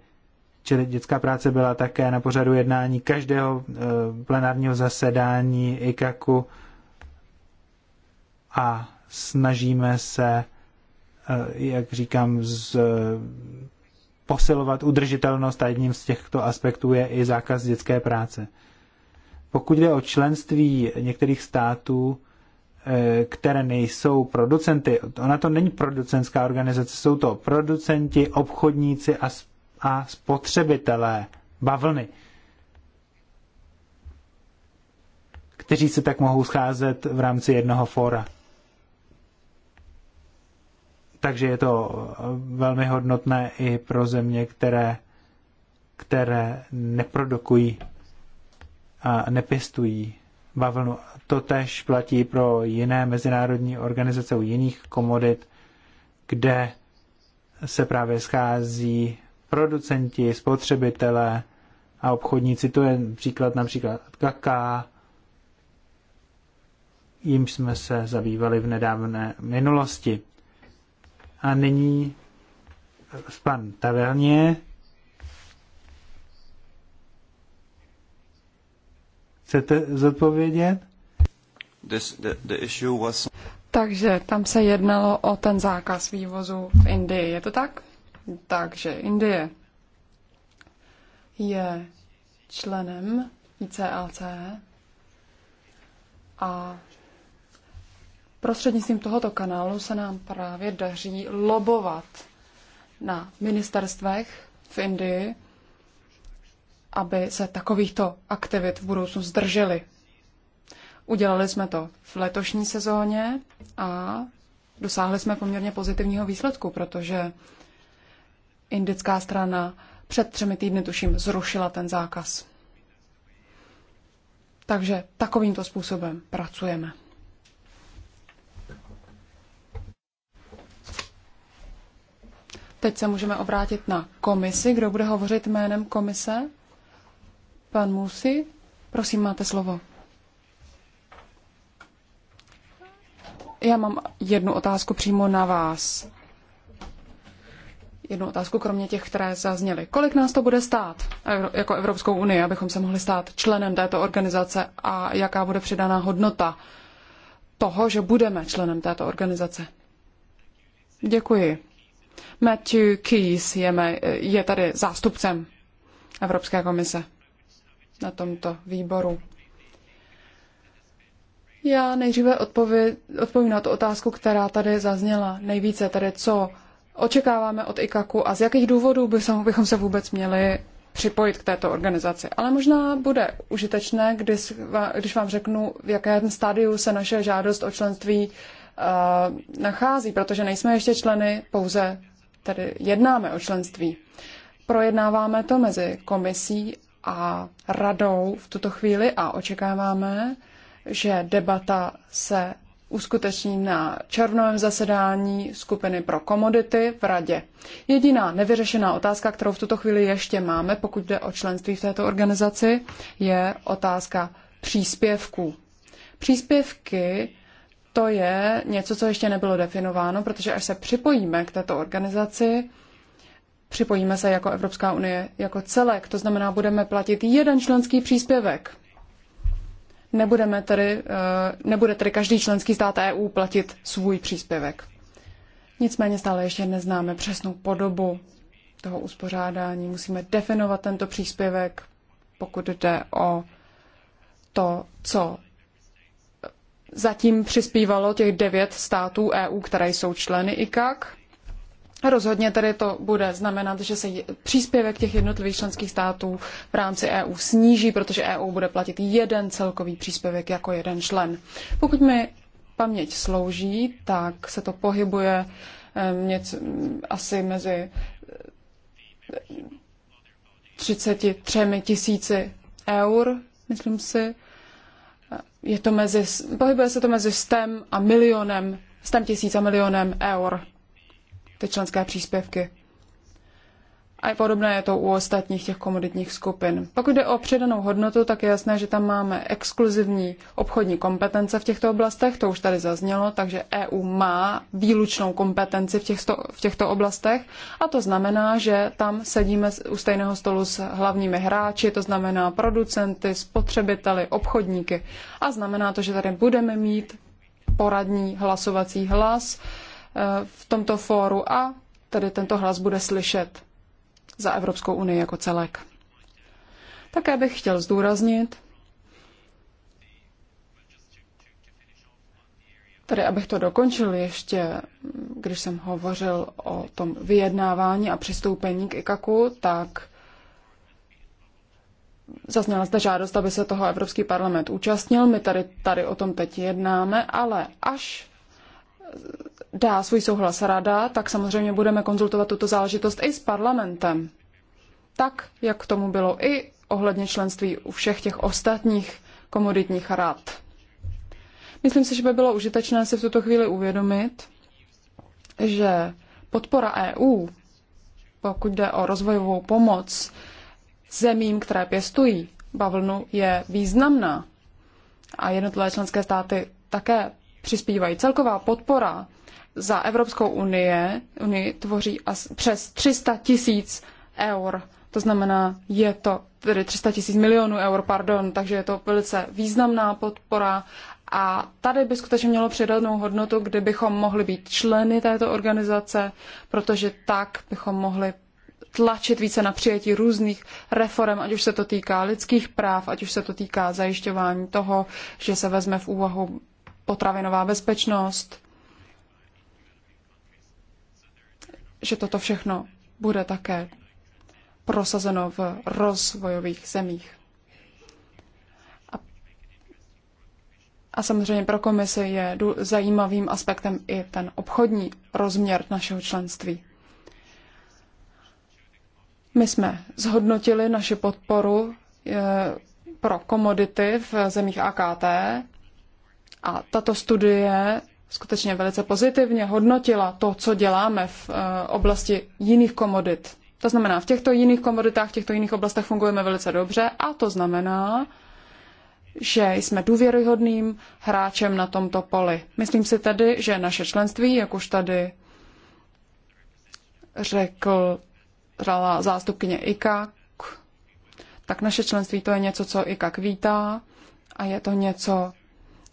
Čili dětská práce byla také na pořadu jednání každého eh, plenárního zasedání IKAKu a snažíme se, eh, jak říkám, z, posilovat udržitelnost a jedním z těchto aspektů je i zákaz dětské práce. Pokud jde o členství některých států, eh, které nejsou producenty, ona to není producentská organizace, jsou to producenti, obchodníci a, a spotřebitelé bavlny, kteří se tak mohou scházet v rámci jednoho fóra. Takže je to velmi hodnotné i pro země, které, které neprodukují a nepěstují bavlnu. To tež platí pro jiné mezinárodní organizace u jiných komodit, kde se právě schází producenti, spotřebitelé a obchodníci. To je příklad například kaká, jimž jsme se zabývali v nedávné minulosti. A nyní pan Taverně. Chcete zodpovědět? This, the, the issue was... Takže tam se jednalo o ten zákaz vývozu v Indii, je to tak? Takže Indie je členem ICLC e a Prostřednictvím tohoto kanálu se nám právě daří lobovat na ministerstvech v Indii, aby se takovýchto aktivit v budoucnu zdrželi. Udělali jsme to v letošní sezóně a dosáhli jsme poměrně pozitivního výsledku, protože indická strana před třemi týdny, tuším, zrušila ten zákaz. Takže takovýmto způsobem pracujeme. Teď se můžeme obrátit na komisi. Kdo bude hovořit jménem komise? Pan Musi, prosím, máte slovo. Já mám jednu otázku přímo na vás. Jednu otázku, kromě těch, které zazněly. Kolik nás to bude stát jako Evropskou unii, abychom se mohli stát členem této organizace a jaká bude přidaná hodnota toho, že budeme členem této organizace? Děkuji. Matthew Keys je, je tady zástupcem Evropské komise na tomto výboru. Já nejdříve odpovím na tu otázku, která tady zazněla nejvíce, tedy co očekáváme od IKAKu a z jakých důvodů bychom se vůbec měli připojit k této organizaci. Ale možná bude užitečné, když vám řeknu, v jakém stádiu se naše žádost o členství Eh, nachází, protože nejsme ještě členy, pouze tedy jednáme o členství. Projednáváme to mezi komisí a radou v tuto chvíli a očekáváme, že debata se uskuteční na červnovém zasedání skupiny pro komodity v radě. Jediná nevyřešená otázka, kterou v tuto chvíli ještě máme, pokud jde o členství v této organizaci, je otázka příspěvků. Příspěvky to je něco, co ještě nebylo definováno, protože až se připojíme k této organizaci, připojíme se jako Evropská unie jako celek, to znamená, budeme platit jeden členský příspěvek. Nebudeme tedy, eh, nebude tedy každý členský stát EU platit svůj příspěvek. Nicméně stále ještě neznáme přesnou podobu toho uspořádání. Musíme definovat tento příspěvek, pokud jde o to, co Zatím přispívalo těch devět států EU, které jsou členy ICAC. Rozhodně tedy to bude znamenat, že se příspěvek těch jednotlivých členských států v rámci EU sníží, protože EU bude platit jeden celkový příspěvek jako jeden člen. Pokud mi paměť slouží, tak se to pohybuje eh, něco, mm, asi mezi 33 eh, tisíci eur, myslím si je to mezi, pohybuje se to mezi stem a milionem, stem tisíc a milionem eur, ty členské příspěvky. A podobné je to u ostatních těch komoditních skupin. Pokud jde o přidanou hodnotu, tak je jasné, že tam máme exkluzivní obchodní kompetence v těchto oblastech, to už tady zaznělo, takže EU má výlučnou kompetenci v těchto, v těchto oblastech a to znamená, že tam sedíme u stejného stolu s hlavními hráči, to znamená producenty, spotřebiteli, obchodníky a znamená to, že tady budeme mít poradní hlasovací hlas eh, v tomto fóru a tady tento hlas bude slyšet za Evropskou unii jako celek. Také bych chtěl zdůraznit, Tady, abych to dokončil ještě, když jsem hovořil o tom vyjednávání a přistoupení k IKAKu, tak zazněla zde žádost, aby se toho Evropský parlament účastnil. My tady, tady o tom teď jednáme, ale až dá svůj souhlas rada, tak samozřejmě budeme konzultovat tuto záležitost i s parlamentem. Tak, jak tomu bylo i ohledně členství u všech těch ostatních komoditních rad. Myslím si, že by bylo užitečné si v tuto chvíli uvědomit, že podpora EU, pokud jde o rozvojovou pomoc zemím, které pěstují bavlnu, je významná. A jednotlivé členské státy také přispívají. Celková podpora za Evropskou unie, unii tvoří as, přes 300 tisíc eur. To znamená, je to tedy 300 tisíc milionů eur, pardon, takže je to velice významná podpora a tady by skutečně mělo přidanou hodnotu, kdybychom mohli být členy této organizace, protože tak bychom mohli tlačit více na přijetí různých reform, ať už se to týká lidských práv, ať už se to týká zajišťování toho, že se vezme v úvahu potravinová bezpečnost, že toto všechno bude také prosazeno v rozvojových zemích. A, a samozřejmě pro komisi je zajímavým aspektem i ten obchodní rozměr našeho členství. My jsme zhodnotili naši podporu eh, pro komodity v zemích AKT a tato studie skutečně velice pozitivně hodnotila to, co děláme v eh, oblasti jiných komodit. To znamená, v těchto jiných komoditách, v těchto jiných oblastech fungujeme velice dobře a to znamená, že jsme důvěryhodným hráčem na tomto poli. Myslím si tedy, že naše členství, jak už tady řekl zástupkyně IKAK, tak naše členství to je něco, co IKAK vítá a je to něco,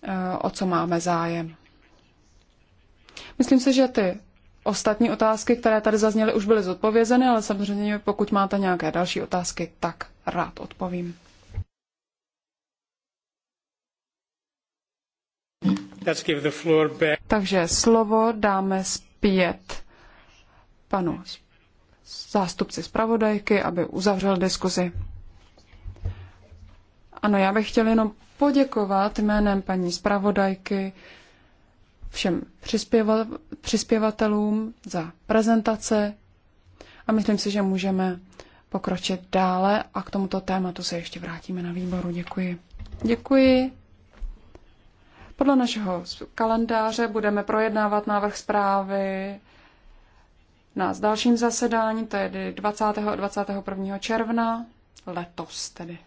Eh, o co máme zájem. Myslím si, že ty ostatní otázky, které tady zazněly, už byly zodpovězeny, ale samozřejmě pokud máte nějaké další otázky, tak rád odpovím. Takže slovo dáme zpět panu zástupci zpravodajky, aby uzavřel diskuzi. Ano, já bych chtěl jenom poděkovat jménem paní zpravodajky všem přispěvatelům za prezentace a myslím si, že můžeme pokročit dále a k tomuto tématu se ještě vrátíme na výboru. Děkuji. Děkuji. Podle našeho kalendáře budeme projednávat návrh zprávy na dalším zasedání, to je 20. a 21. června letos tedy.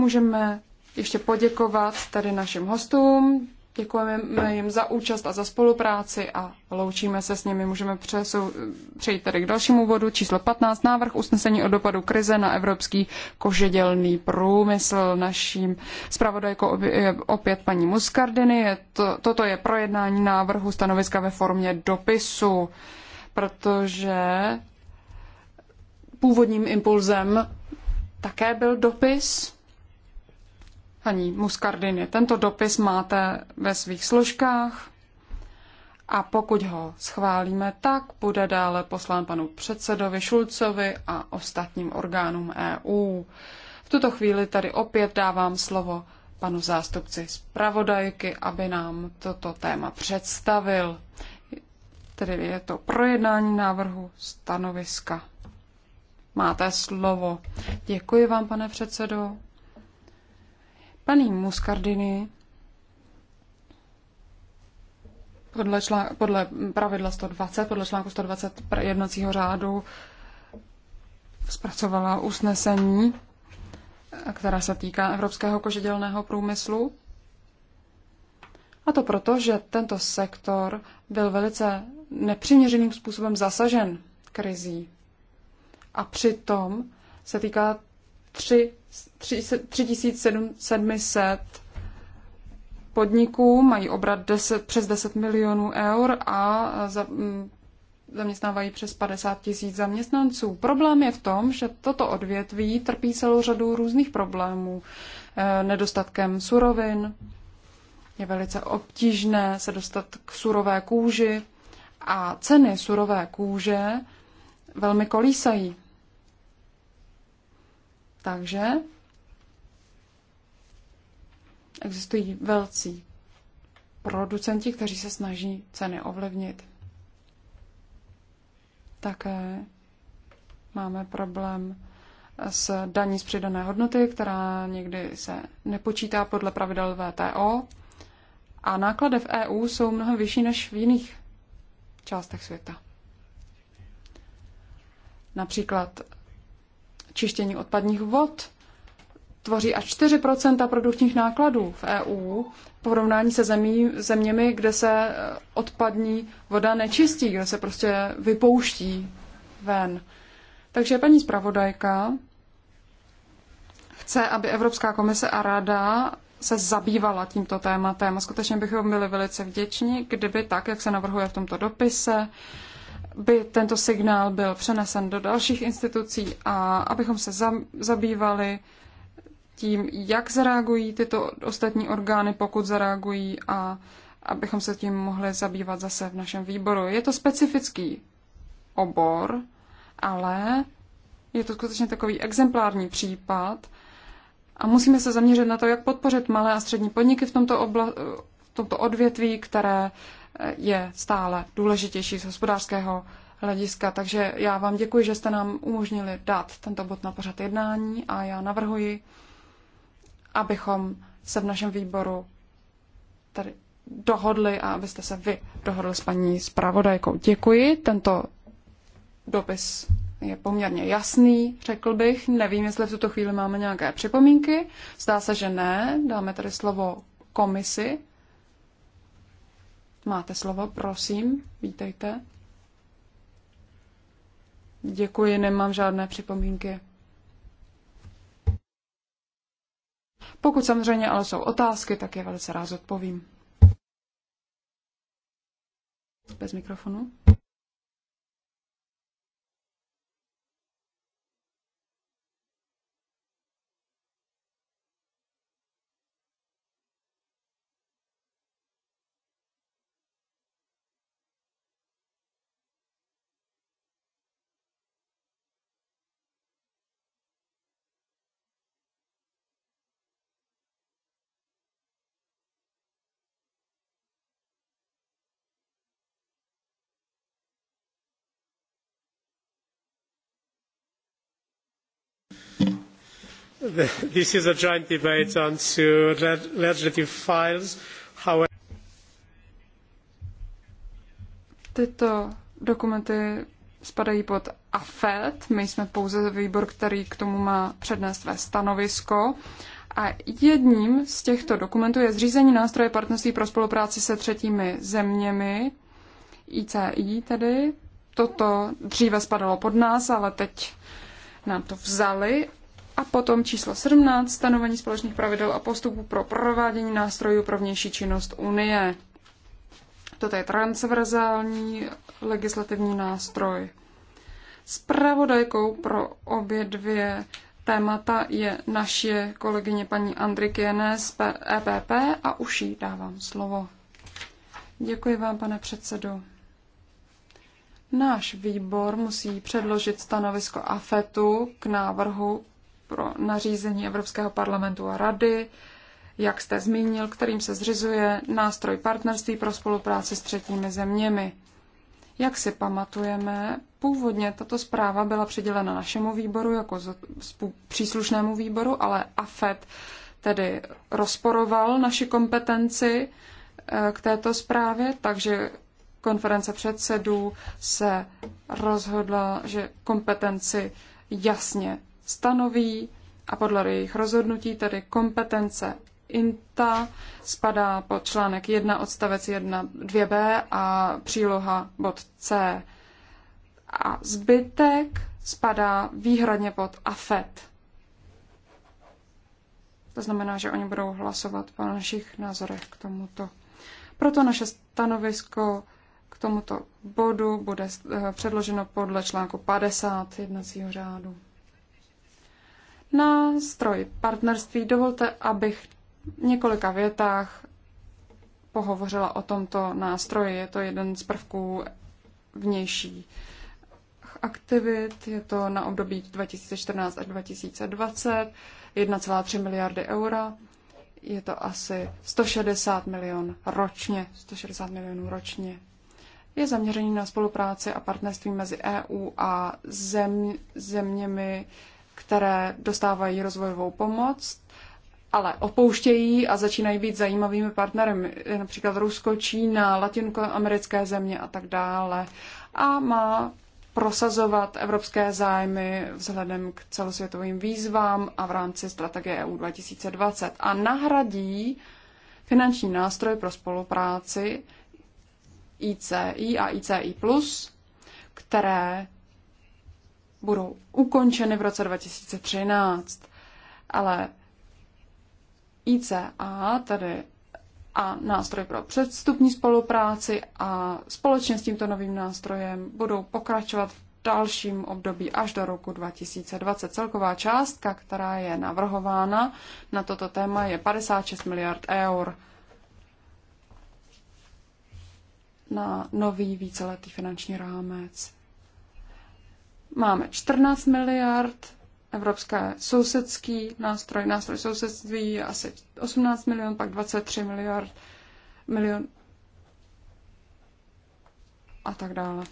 Můžeme ještě poděkovat tady našim hostům, děkujeme jim za účast a za spolupráci a loučíme se s nimi. Můžeme přesou, přejít tady k dalšímu bodu, číslo 15, návrh usnesení o dopadu krize na evropský kožedělný průmysl. Naším zpravodajkou je opět paní Muskardiny. Je to, toto je projednání návrhu stanoviska ve formě dopisu, protože původním impulzem také byl dopis, paní Muscardini. Tento dopis máte ve svých složkách a pokud ho schválíme, tak bude dále poslán panu předsedovi Šulcovi a ostatním orgánům EU. V tuto chvíli tady opět dávám slovo panu zástupci zpravodajky, aby nám toto téma představil. Tedy je to projednání návrhu stanoviska. Máte slovo. Děkuji vám, pane předsedo. Paní Muscardini podle, člán, podle pravidla 120, podle článku 120 jednacího řádu zpracovala usnesení, která se týká evropského kožedělného průmyslu. A to proto, že tento sektor byl velice nepřiměřeným způsobem zasažen krizí. A přitom se týká 3, 3, 3700 podniků, mají obrat 10, přes 10 milionů eur a za, mm, zaměstnávají přes 50 tisíc zaměstnanců. Problém je v tom, že toto odvětví trpí celou řadu různých problémů. E, nedostatkem surovin, je velice obtížné se dostat k surové kůži a ceny surové kůže velmi kolísají. Takže existují velcí producenti, kteří se snaží ceny ovlivnit. Také máme problém s daní z přidané hodnoty, která někdy se nepočítá podle pravidel VTO. A náklady v EU jsou mnohem vyšší než v jiných částech světa. Například čištění odpadních vod tvoří až 4 produktních nákladů v EU v porovnání se zemí, zeměmi, kde se eh, odpadní voda nečistí, kde se prostě vypouští ven. Takže paní zpravodajka chce, aby Evropská komise a Rada se zabývala tímto tématem. Skutečně bychom byli velice vděční, kdyby tak, jak se navrhuje v tomto dopise, by tento signál byl přenesen do dalších institucí a abychom se zabývali tím, jak zareagují tyto ostatní orgány, pokud zareagují a abychom se tím mohli zabývat zase v našem výboru. Je to specifický obor, ale je to skutečně takový exemplární případ a musíme se zaměřit na to, jak podpořit malé a střední podniky v tomto, obla- v tomto odvětví, které je stále důležitější z hospodářského hlediska. Takže já vám děkuji, že jste nám umožnili dát tento bod na pořad jednání a já navrhuji, abychom se v našem výboru tady dohodli a abyste se vy dohodli s paní zpravodajkou. Děkuji, tento dopis je poměrně jasný, řekl bych. Nevím, jestli v tuto chvíli máme nějaké připomínky. Zdá se, že ne. Dáme tady slovo komisi. Máte slovo, prosím, vítejte. Děkuji, nemám žádné připomínky. Pokud samozřejmě ale jsou otázky, tak je velice rád odpovím. Bez mikrofonu. This is a joint debate on two legislative files. However... Tyto dokumenty spadají pod AFET. My jsme pouze výbor, který k tomu má přednést své stanovisko. A jedním z těchto dokumentů je zřízení nástroje partnerství pro spolupráci se třetími zeměmi, ICI tedy. Toto dříve spadalo pod nás, ale teď nám to vzali a potom číslo 17, stanovení společných pravidel a postupů pro provádění nástrojů pro vnější činnost Unie. Toto je transverzální legislativní nástroj. Spravodajkou pro obě dvě témata je naše kolegyně paní Andriky z EPP a už jí dávám slovo. Děkuji vám, pane předsedo. Náš výbor musí předložit stanovisko AFETu k návrhu pro nařízení Evropského parlamentu a rady, jak jste zmínil, kterým se zřizuje nástroj partnerství pro spolupráci s třetími zeměmi. Jak si pamatujeme, původně tato zpráva byla přidělena našemu výboru jako příslušnému výboru, ale AFET tedy rozporoval naši kompetenci e, k této zprávě, takže konference předsedů se rozhodla, že kompetenci jasně stanoví a podle jejich rozhodnutí tedy kompetence INTA spadá pod článek 1 odstavec 1 2b a příloha bod C. A zbytek spadá výhradně pod AFET. To znamená, že oni budou hlasovat po našich názorech k tomuto. Proto naše stanovisko k tomuto bodu bude eh, předloženo podle článku 50 jednacího řádu. Nástroj partnerství. Dovolte, abych v několika větách pohovořila o tomto nástroji. Je to jeden z prvků vnější aktivit, je to na období 2014 až 2020, 1,3 miliardy eura, je to asi 160 milion ročně, 160 milionů ročně. Je zaměřený na spolupráci a partnerství mezi EU a zem, zeměmi které dostávají rozvojovou pomoc, ale opouštějí a začínají být zajímavými partnery, například Rusko, Čína, latinskoamerické země a tak dále. A má prosazovat evropské zájmy vzhledem k celosvětovým výzvám a v rámci strategie EU 2020 a nahradí finanční nástroj pro spolupráci ICI a ICI+, které budou ukončeny v roce 2013. Ale ICA, tedy a nástroj pro předstupní spolupráci a společně s tímto novým nástrojem budou pokračovat v dalším období až do roku 2020. Celková částka, která je navrhována na toto téma, je 56 miliard eur na nový víceletý finanční rámec. Máme 14 miliard, evropské sousedský nástroj, nástroj sousedství je asi 18 milion, pak 23 miliard, milion a tak dále.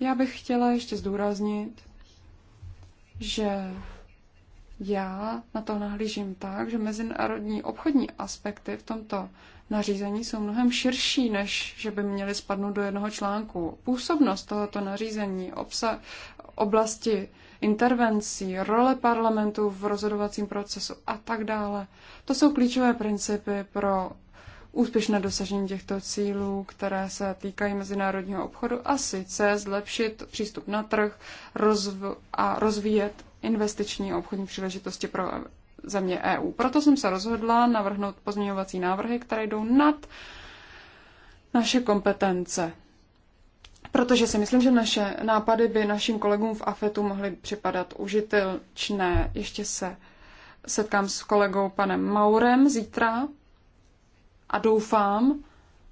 Já bych chtěla ještě zdůraznit, že já na to nahlížím tak, že mezinárodní obchodní aspekty v tomto nařízení jsou mnohem širší, než že by měly spadnout do jednoho článku. Působnost tohoto nařízení, obsa, oblasti intervencí, role parlamentu v rozhodovacím procesu a tak dále. To jsou klíčové principy pro úspěšné dosažení těchto cílů, které se týkají mezinárodního obchodu a sice zlepšit přístup na trh rozv- a rozvíjet investiční a obchodní příležitosti pro země EU. Proto jsem se rozhodla navrhnout pozměňovací návrhy, které jdou nad naše kompetence. Protože si myslím, že naše nápady by našim kolegům v AFETu mohly připadat užitečné. Ještě se setkám s kolegou panem Maurem zítra a doufám,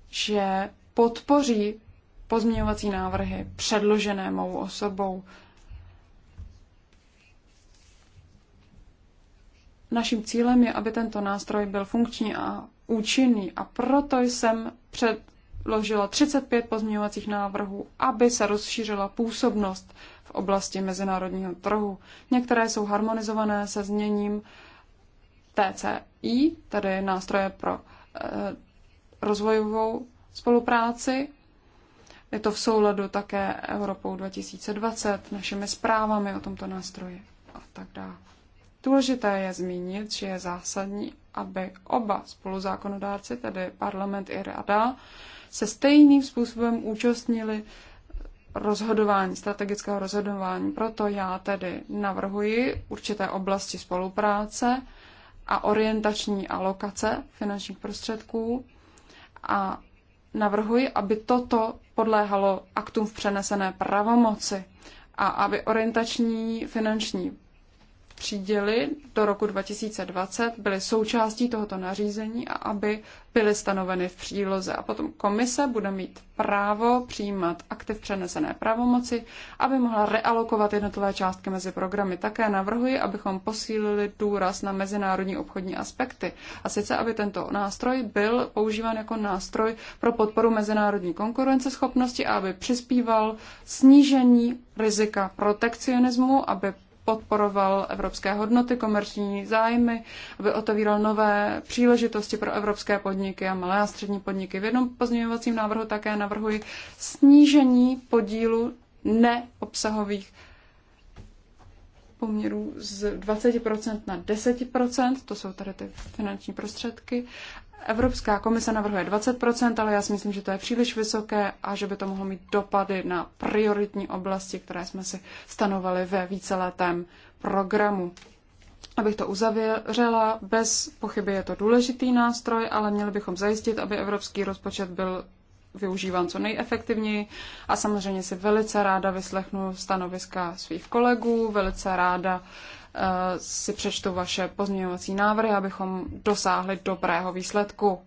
že podpoří pozměňovací návrhy předložené mou osobou. Naším cílem je, aby tento nástroj byl funkční a účinný a proto jsem předložila 35 pozměňovacích návrhů, aby se rozšířila působnost v oblasti mezinárodního trhu. Některé jsou harmonizované se změním TCI, tedy nástroje pro e, rozvojovou spolupráci. Je to v souladu také Evropou 2020, našimi zprávami o tomto nástroji a tak dále. Důležité je zmínit, že je zásadní, aby oba spoluzákonodárci, tedy parlament i rada, se stejným způsobem účastnili rozhodování, strategického rozhodování. Proto já tedy navrhuji určité oblasti spolupráce a orientační alokace finančních prostředků a navrhuji, aby toto podléhalo aktům v přenesené pravomoci a aby orientační finanční třídily do roku 2020 byly součástí tohoto nařízení a aby byly stanoveny v příloze. A potom komise bude mít právo přijímat aktiv přenesené pravomoci, aby mohla realokovat jednotlivé částky mezi programy. Také navrhuji, abychom posílili důraz na mezinárodní obchodní aspekty. A sice, aby tento nástroj byl používán jako nástroj pro podporu mezinárodní konkurenceschopnosti a aby přispíval snížení rizika protekcionismu, aby podporoval evropské hodnoty, komerční zájmy, aby otevíral nové příležitosti pro evropské podniky a malé a střední podniky. V jednom pozměňovacím návrhu také navrhuji snížení podílu neobsahových poměrů z 20% na 10%, to jsou tady ty finanční prostředky, Evropská komise navrhuje 20%, ale já si myslím, že to je příliš vysoké a že by to mohlo mít dopady na prioritní oblasti, které jsme si stanovali ve víceletém programu. Abych to uzavěřela, bez pochyby je to důležitý nástroj, ale měli bychom zajistit, aby evropský rozpočet byl využíván co nejefektivněji a samozřejmě si velice ráda vyslechnu stanoviska svých kolegů, velice ráda Eh, si přečtu vaše pozměňovací návrhy, abychom dosáhli dobrého výsledku.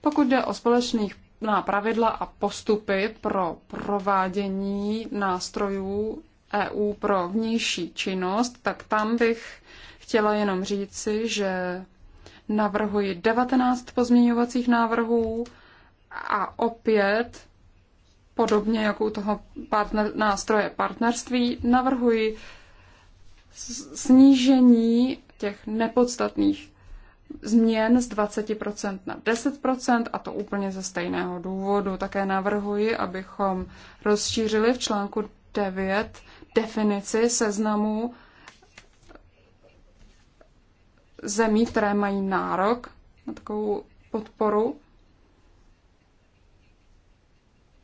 Pokud jde o společných na pravidla a postupy pro provádění nástrojů EU pro vnější činnost, tak tam bych chtěla jenom říci, že navrhuji 19 pozměňovacích návrhů a opět, podobně jako u toho partner, nástroje partnerství, navrhuji snížení těch nepodstatných změn z 20% na 10% a to úplně ze stejného důvodu. Také navrhuji, abychom rozšířili v článku 9 definici seznamu zemí, které mají nárok na takovou podporu,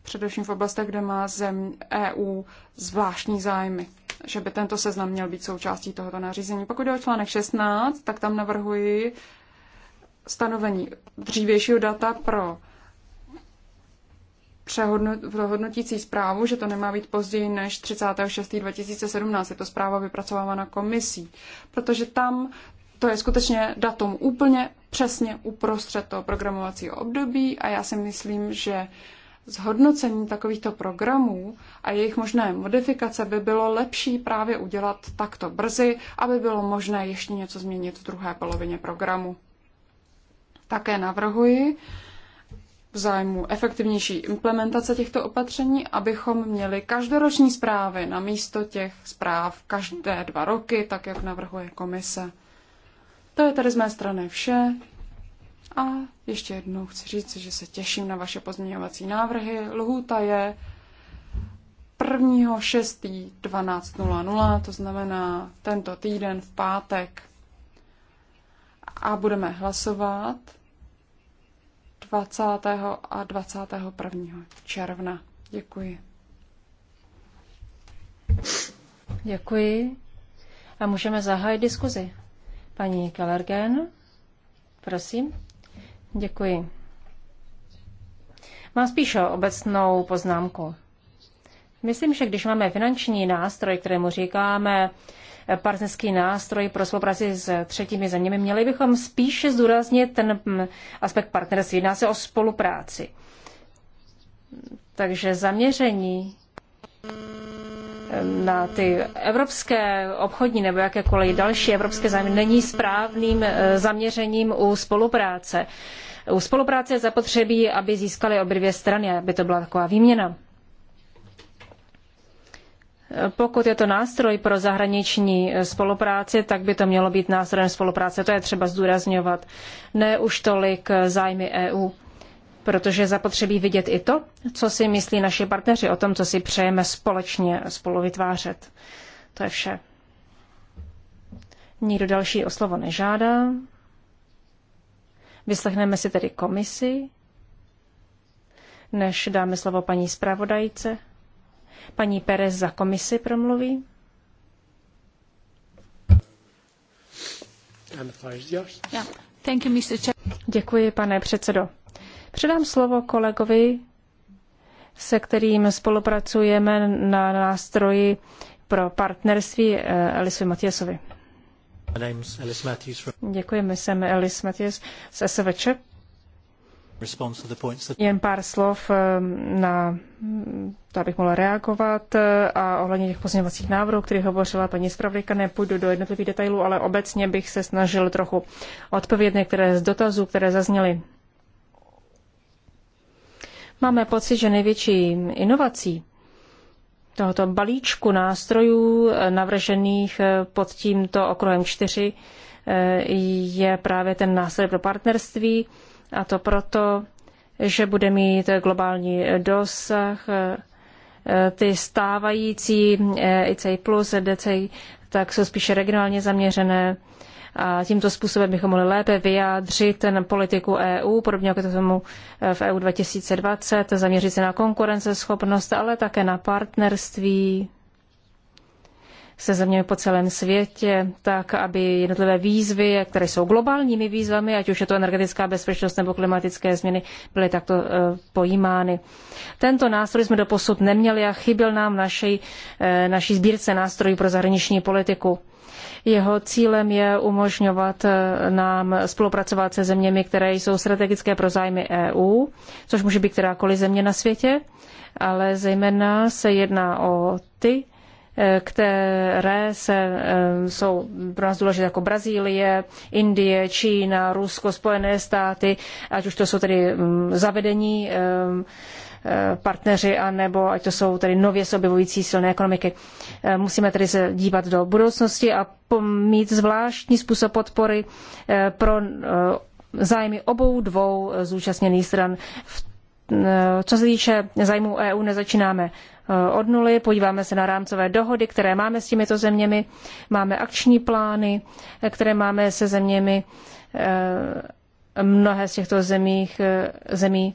především v oblastech, kde má zem EU zvláštní zájmy že by tento seznam měl být součástí tohoto nařízení. Pokud jde o článek 16, tak tam navrhuji stanovení dřívějšího data pro přehodnotící zprávu, že to nemá být později než 36. 2017. Je to zpráva vypracovávána komisí, protože tam to je skutečně datum úplně přesně uprostřed toho programovacího období a já si myslím, že uh, zhodnocení takovýchto programů a jejich možné modifikace by bylo lepší právě udělat takto brzy, aby bylo možné ještě něco změnit v druhé polovině programu. Také navrhuji v zájmu efektivnější implementace těchto opatření, abychom měli každoroční zprávy na místo těch zpráv každé dva roky, tak jak navrhuje komise. To je tedy z mé strany vše. A ještě jednou chci říct, že se těším na vaše pozměňovací návrhy. Lhůta je 1.6.12.00, to znamená tento týden v pátek. A budeme hlasovat 20. a 21. června. Děkuji. Děkuji. A můžeme zahájit diskuzi. Paní Kellergen, prosím. Děkuji. Mám spíše obecnou poznámku. Myslím, že když máme finanční nástroj, kterému říkáme eh, partnerský nástroj pro spolupráci s třetími zeměmi, měli bychom spíše zdůraznit ten mm, aspekt partnerství. Jedná se o spolupráci. Takže zaměření na ty evropské obchodní nebo jakékoliv další evropské zájmy není správným eh, zaměřením u spolupráce. U spolupráce je zapotřebí, aby získaly obě dvě strany, aby to byla taková výměna. Eh, pokud je to nástroj pro zahraniční eh, spolupráci, tak by to mělo být nástrojem spolupráce. To je třeba zdůrazňovat. Ne už tolik zájmy EU protože zapotřebí vidět i to, co si myslí naši partneři o tom, co si přejeme společně spolu vytvářet. To je vše. Nikdo další o slovo nežádá. Vyslechneme si tedy komisi, než dáme slovo paní zpravodajce. Paní Perez za komisi promluví. Děkuji, pane předsedo. Předám slovo kolegovi, se kterým spolupracujeme na nástroji pro partnerství Elisu Matěsovi. Děkujeme, jsem Elis Matias z SVČ. Jen pár slov eh, na to, abych mohla reagovat eh, a ohledně těch pozměňovacích návrhů, kterých hovořila paní zpravodajka, nepůjdu do jednotlivých detailů, ale obecně bych se snažil trochu odpovědět některé z dotazů, které zazněly. Máme pocit, že největší inovací tohoto balíčku nástrojů eh, navržených eh, pod tímto okruhem 4 eh, je právě ten nástroj pro partnerství a to proto, že bude mít globální dosah ty stávající ICI plus, DCI, tak jsou spíše regionálně zaměřené a tímto způsobem bychom mohli lépe vyjádřit politiku EU, podobně jako to tomu e, v EU 2020, zaměřit se na konkurenceschopnost, ale také na partnerství se zeměmi po celém světě, tak aby jednotlivé výzvy, které jsou globálními výzvami, ať už je to energetická bezpečnost nebo klimatické změny, byly takto e, pojímány. Tento nástroj jsme doposud neměli a chyběl nám naší, e, naší sbírce nástrojů pro zahraniční politiku. Jeho cílem je umožňovat eh, nám spolupracovat se zeměmi, které jsou strategické pro zájmy EU, což může být kterákoliv země na světě, ale zejména se jedná o ty, eh, které se, eh, jsou pro nás důležité jako Brazílie, Indie, Čína, Rusko, Spojené státy, ať už to jsou tedy mm, zavedení Eh, partneři, anebo ať to jsou tedy nově se objevující silné ekonomiky. Eh, musíme tedy se dívat do budoucnosti a mít zvláštní způsob podpory eh, pro zájmy obou dvou zúčastněných stran. Co se týče zájmu e EU, nezačínáme od nuly, podíváme se na rámcové dohody, které máme s těmito zeměmi, máme akční plány, které máme se zeměmi, mnohé z těchto zemích, zemí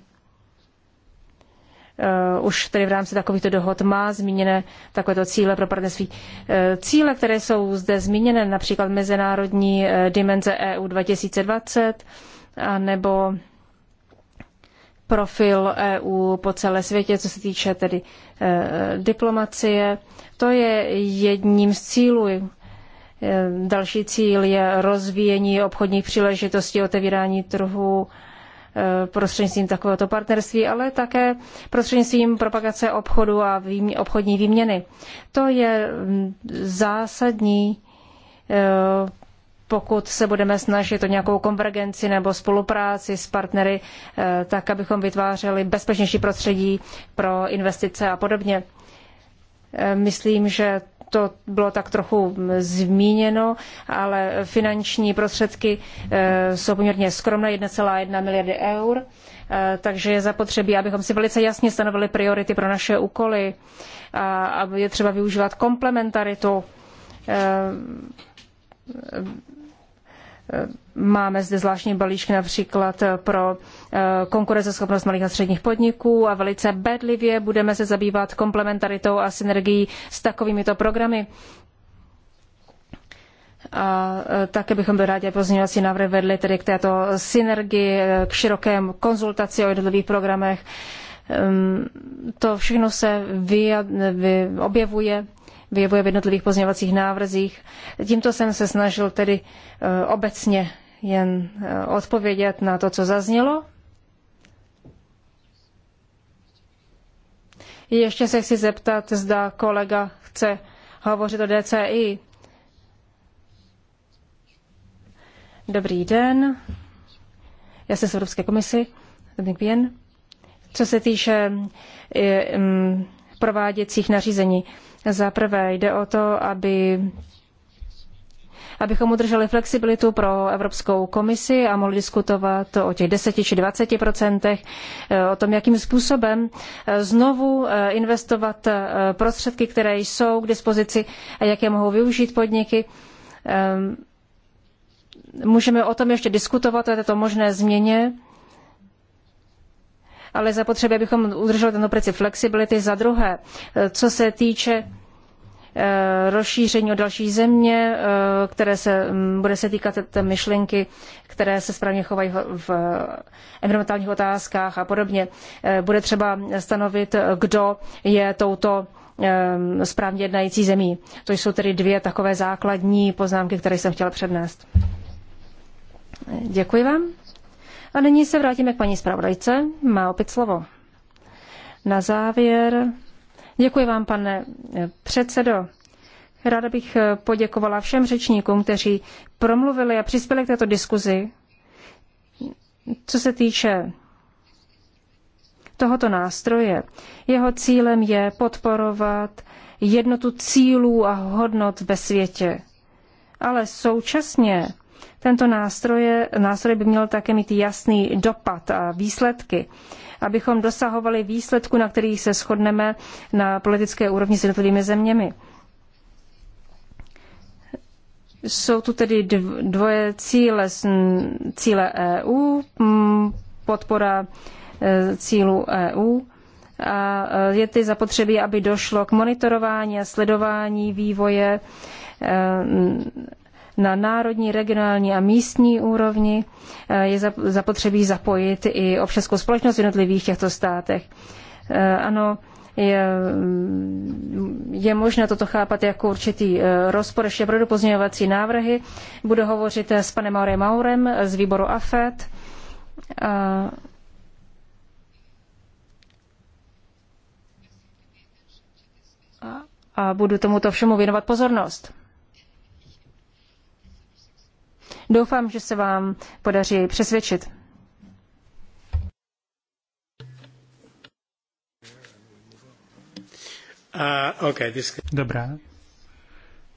Eh, už tedy v rámci takovýchto dohod má zmíněné takovéto cíle pro partnerství. Eh, cíle, které jsou zde zmíněné, například mezinárodní eh, dimenze EU 2020, nebo profil EU po celé světě, co se týče tedy diplomacie. To je jedním z cílů. Další cíl je rozvíjení obchodních příležitostí, otevírání trhu, Eh, prostřednictvím takovéhoto partnerství, ale také prostřednictvím propagace obchodu a výmě, obchodní výměny. To je mm, zásadní eh, pokud se budeme snažit o nějakou konvergenci nebo spolupráci s partnery, eh, tak abychom vytvářeli bezpečnější prostředí pro investice a podobně. Myslím, že to bylo tak trochu zmíněno, ale finanční prostředky eh, jsou poměrně skromné, 1,1 miliardy eur, eh, takže je zapotřebí, abychom si velice jasně stanovili priority pro naše úkoly a je třeba využívat komplementaritu eh, Máme zde zvláštní balíčky například pro eh, konkurenceschopnost malých a středních podniků a velice bedlivě budeme se zabývat komplementaritou a synergií s takovýmito programy. A eh, také bychom byli rádi, pozměňovací návrhy vedly tedy k této synergii, eh, k širokému konzultaci o jednotlivých programech. Ehm, to všechno se objevuje vyjevuje v jednotlivých pozměňovacích návrzích. Tímto jsem se snažil tedy obecně jen eh, odpovědět na to, co zaznělo. Ještě se chci zeptat, zda kolega chce hovořit o DCI. Dobrý den. Já jsem z Evropské komisi. Dobrý den. Co se týče eh, mm, prováděcích nařízení, za prvé jde o to, aby abychom udrželi flexibilitu pro Evropskou komisi a mohli diskutovat o těch 10 či 20 procentech, eh, o tom, jakým způsobem eh, znovu eh, investovat prostředky, které jsou k dispozici a jak je mohou využít podniky ehm, můžeme o tom ještě diskutovat, o této možné změně, ale zapotřebí, abychom udrželi tento princip flexibility. Za druhé, co se týče Eh, rozšíření o další země, eh, které se mm, bude se týkat té myšlenky, které se správně chovají v environmentálních otázkách a podobně. Eh, bude třeba stanovit, kdo je touto správně jednající zemí. To jsou tedy dvě takové základní poznámky, které jsem chtěla přednést. Děkuji vám. A nyní se vrátíme k paní zpravodajce. Má opět slovo. Na závěr Děkuji vám, pane eh, předsedo. Ráda bych eh, poděkovala všem řečníkům, kteří promluvili a přispěli k této diskuzi. Co se týče tohoto nástroje, jeho cílem je podporovat jednotu cílů a hodnot ve světě. Ale současně tento nástroj, nástroj by měl také mít jasný dopad a výsledky, abychom dosahovali výsledku, na kterých se shodneme na politické úrovni s jednotlivými zeměmi. Jsou tu tedy dvoje cíle, cíle EU, podpora e, cílů EU a e, je ty zapotřebí, aby došlo k monitorování a sledování vývoje e, na národní, regionální a místní úrovni eh, je zapotřebí zapojit i občanskou společnost v jednotlivých těchto státech. Eh, ano, je, je možné toto chápat jako určitý eh, rozpor. Ještě pro pozměňovací návrhy. Budu hovořit s panem Maurem Maurem z výboru AFET. A... a budu tomuto všemu věnovat pozornost. Doufám, že se vám podaří přesvědčit. Uh, Dobrá.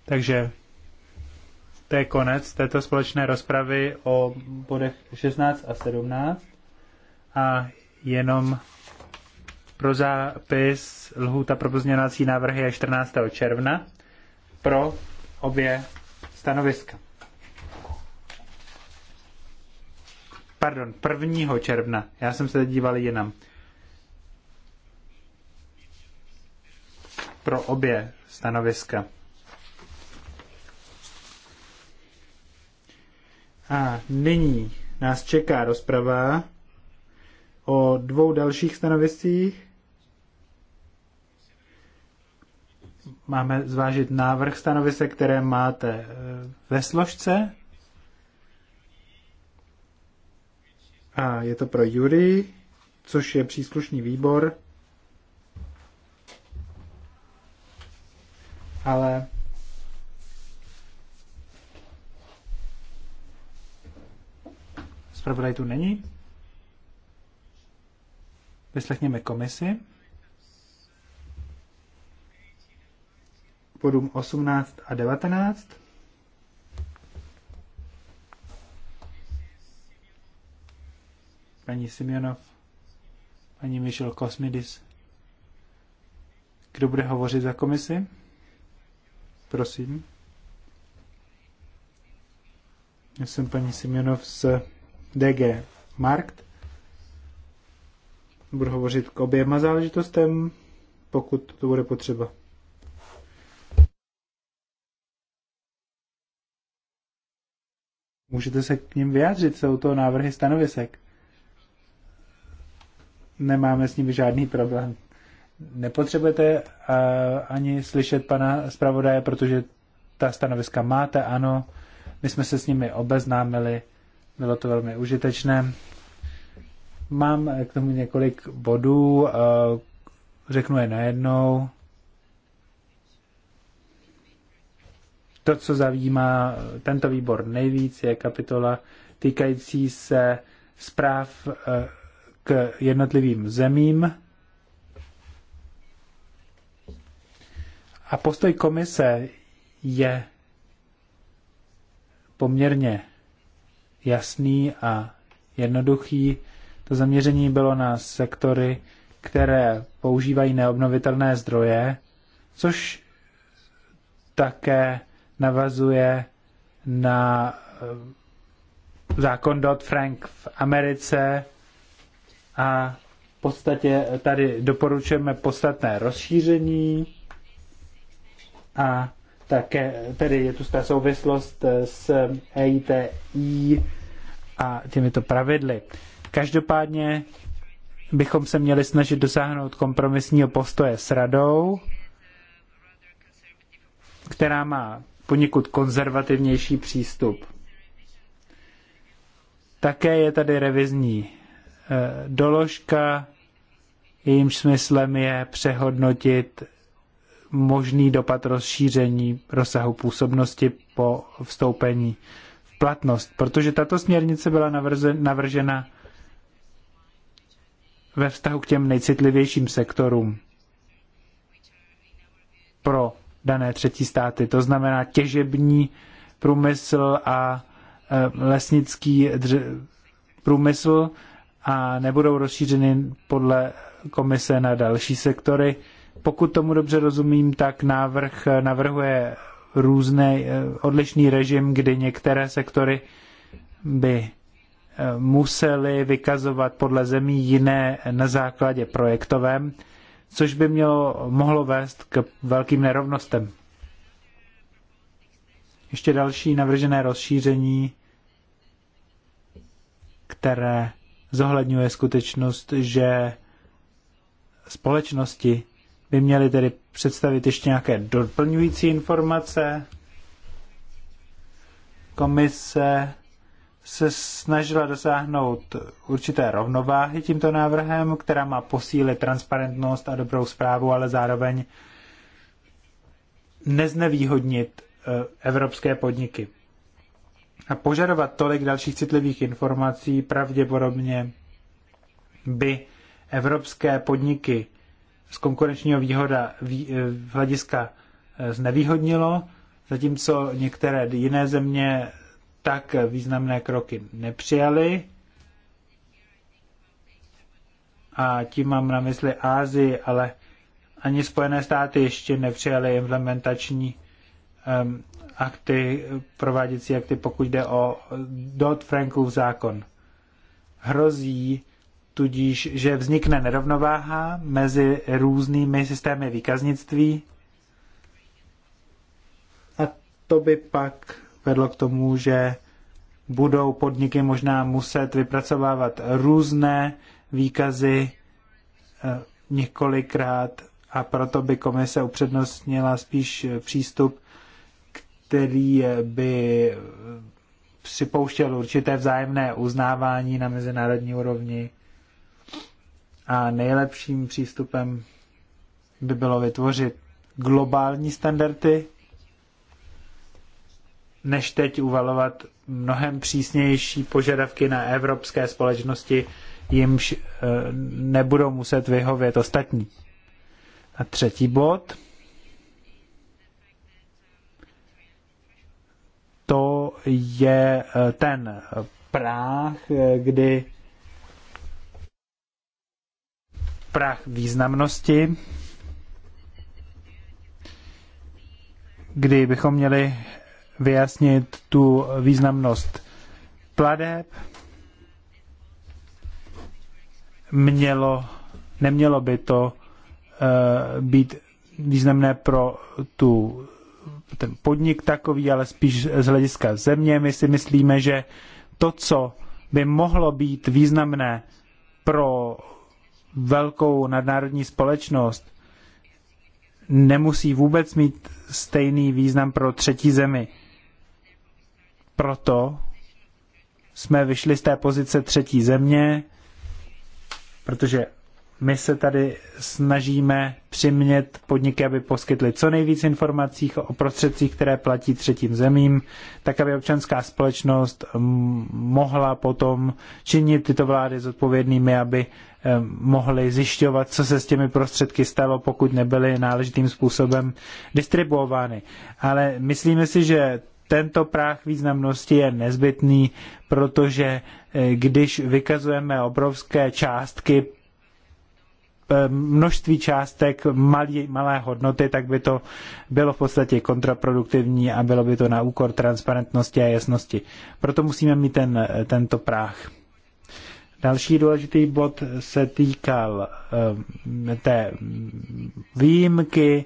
Takže to je konec této společné rozpravy o bodech 16 a 17. A jenom pro zápis lhůta pro pozměňovací návrhy je 14. června pro obě stanoviska. pardon, 1. června. Já jsem se díval jinam. Pro obě stanoviska. A nyní nás čeká rozprava o dvou dalších stanoviscích. Máme zvážit návrh stanovisek, které máte eh, ve složce A je to pro Jury, což je příslušný výbor. Ale zpravodaj tu není. Vyslechněme komisi. Bodům 18 a 19. paní Simionov, paní Michel Kosmidis. Kdo bude hovořit za komisi? Prosím. Já jsem paní Simionov z DG Markt. Budu hovořit k oběma záležitostem, pokud to bude potřeba. Můžete se k ním vyjádřit, jsou to návrhy stanovisek nemáme s nimi žádný problém. Nepotřebujete uh, ani slyšet pana zpravodaje, protože ta stanoviska máte, ano. My jsme se s nimi obeznámili, bylo to velmi užitečné. Mám k tomu několik bodů, uh, řeknu je najednou. To, co zavímá tento výbor nejvíc, je kapitola týkající se zpráv uh, k jednotlivým zemím. A postoj komise je poměrně jasný a jednoduchý. To zaměření bylo na sektory, které používají neobnovitelné zdroje, což také navazuje na eh, zákon Dodd-Frank v Americe, a v podstatě tady doporučujeme podstatné rozšíření a také tedy je tu ta souvislost eh, s EITI a těmito pravidly. Každopádně bychom se měli snažit dosáhnout kompromisního postoje s radou, která má poněkud konzervativnější přístup. Také je tady revizní Eh, doložka, jejímž smyslem je přehodnotit možný dopad rozšíření rozsahu působnosti po vstoupení v platnost, protože tato směrnice byla navržena ve vztahu k těm nejcitlivějším sektorům pro dané třetí státy, to znamená těžební průmysl a eh, lesnický průmysl, a nebudou rozšířeny podle komise na další sektory. Pokud tomu dobře rozumím, tak návrh navrhuje různý eh, odlišný režim, kdy některé sektory by eh, museli vykazovat podle zemí jiné na základě projektovém, což by mělo, mohlo vést k velkým nerovnostem. Ještě další navržené rozšíření, které zohledňuje skutečnost, že společnosti by měly tedy představit ještě nějaké doplňující informace. Komise se snažila dosáhnout určité rovnováhy tímto návrhem, která má posílit transparentnost a dobrou zprávu, ale zároveň neznevýhodnit eh, evropské podniky. A požadovat tolik dalších citlivých informací pravděpodobně by evropské podniky z konkurenčního výhoda v eh, hlediska eh, znevýhodnilo, zatímco některé jiné země tak významné kroky nepřijaly. A tím mám na mysli Ázii, ale ani Spojené státy ještě nepřijaly implementační ehm, akty, prováděcí akty, pokud jde o Dodd-Frankův zákon. Hrozí tudíž, že vznikne nerovnováha mezi různými systémy výkaznictví a to by pak vedlo k tomu, že budou podniky možná muset vypracovávat různé výkazy eh, několikrát a proto by komise upřednostnila spíš přístup, který by připouštěl určité vzájemné uznávání na mezinárodní úrovni. A nejlepším přístupem by bylo vytvořit globální standardy, než teď uvalovat mnohem přísnější požadavky na evropské společnosti, jimž eh, nebudou muset vyhovět ostatní. A třetí bod – to je eh, ten eh, práh, eh, kdy práh významnosti, kdy bychom měli vyjasnit tu významnost pladeb, mělo, nemělo by to uh, být významné pro tu ten podnik takový, ale spíš z hlediska země. My si myslíme, že to, co by mohlo být významné pro velkou nadnárodní společnost, nemusí vůbec mít stejný význam pro třetí zemi. Proto jsme vyšli z té pozice třetí země, protože my se tady snažíme přimět podniky, aby poskytly co nejvíc informací o prostředcích, které platí třetím zemím, tak aby občanská společnost mohla potom činit tyto vlády zodpovědnými, aby mohli zjišťovat, co se s těmi prostředky stalo, pokud nebyly náležitým způsobem distribuovány. Ale myslíme si, že tento práh významnosti je nezbytný, protože e, když vykazujeme obrovské částky Eh, množství částek malý, malé hodnoty, tak by to bylo v podstatě kontraproduktivní a bylo by to na úkor transparentnosti a jasnosti. Proto musíme mít ten, eh, tento práh. Další důležitý bod se týkal eh, té výjimky.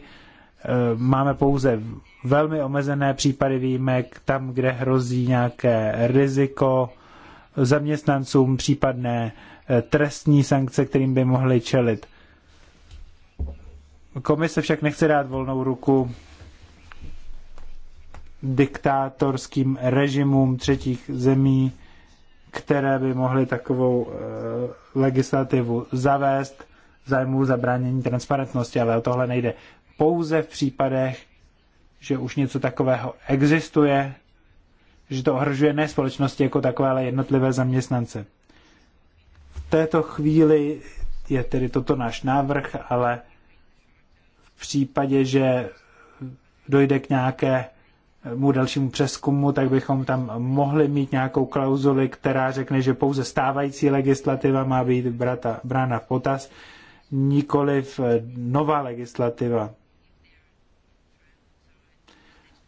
Máme pouze velmi omezené případy výjimek, tam, kde hrozí nějaké riziko zaměstnancům, případné Eh, trestní sankce, kterým by mohli čelit. Komise však nechce dát volnou ruku diktátorským režimům třetích zemí, které by mohly takovou eh, legislativu zavést v zájmu zabránění transparentnosti, ale o tohle nejde. Pouze v případech, že už něco takového existuje, že to ohrožuje ne společnosti jako takové, ale jednotlivé zaměstnance této chvíli je tedy toto náš návrh, ale v případě, že dojde k nějakému dalšímu přeskumu, tak bychom tam mohli mít nějakou klauzuli, která řekne, že pouze stávající legislativa má být brata, brána v potaz, nikoliv nová legislativa.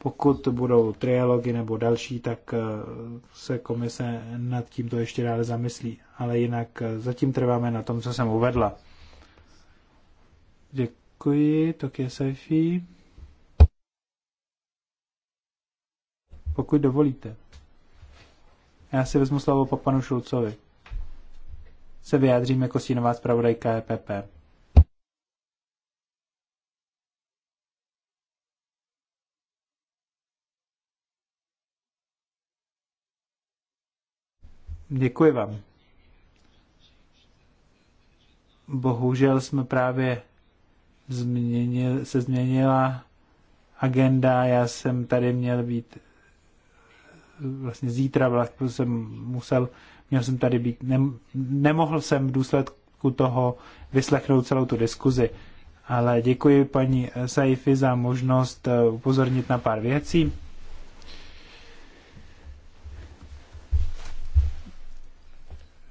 Pokud budou trialogy nebo další, tak eh, se komise nad tímto ještě dále zamyslí. Ale jinak eh, zatím trváme na tom, co jsem uvedla. Děkuji, je Saifi. Pokud dovolíte. Já si vezmu slovo po panu Šulcovi. Se vyjádřím jako stínová zpravodajka EPP. Děkuji vám. Bohužel jsme právě změnil, se změnila agenda. Já jsem tady měl být vlastně zítra, vlastně jsem musel, měl jsem tady být, ne, nemohl jsem v důsledku toho vyslechnout celou tu diskuzi. Ale děkuji paní Saifi za možnost eh, upozornit na pár věcí.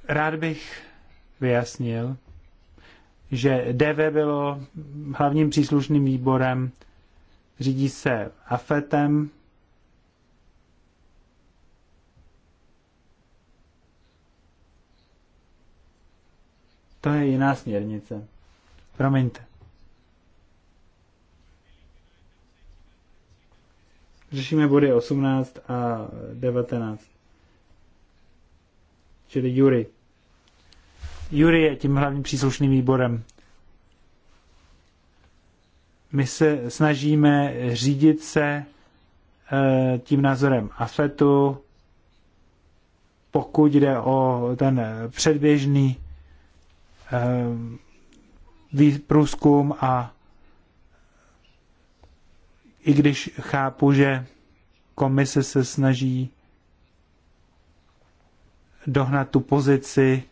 Rád bych vyjasnil, že DV bylo hlavním příslušným výborem, řídí se AFETem, To je jiná směrnice. Promiňte. Řešíme body 18 a 19 čili Jury. Jury je tím hlavním příslušným výborem. My se snažíme řídit se eh, tím názorem AFETu, pokud jde o ten předběžný eh, průzkum a i když chápu, že komise se snaží dohnat tu pozici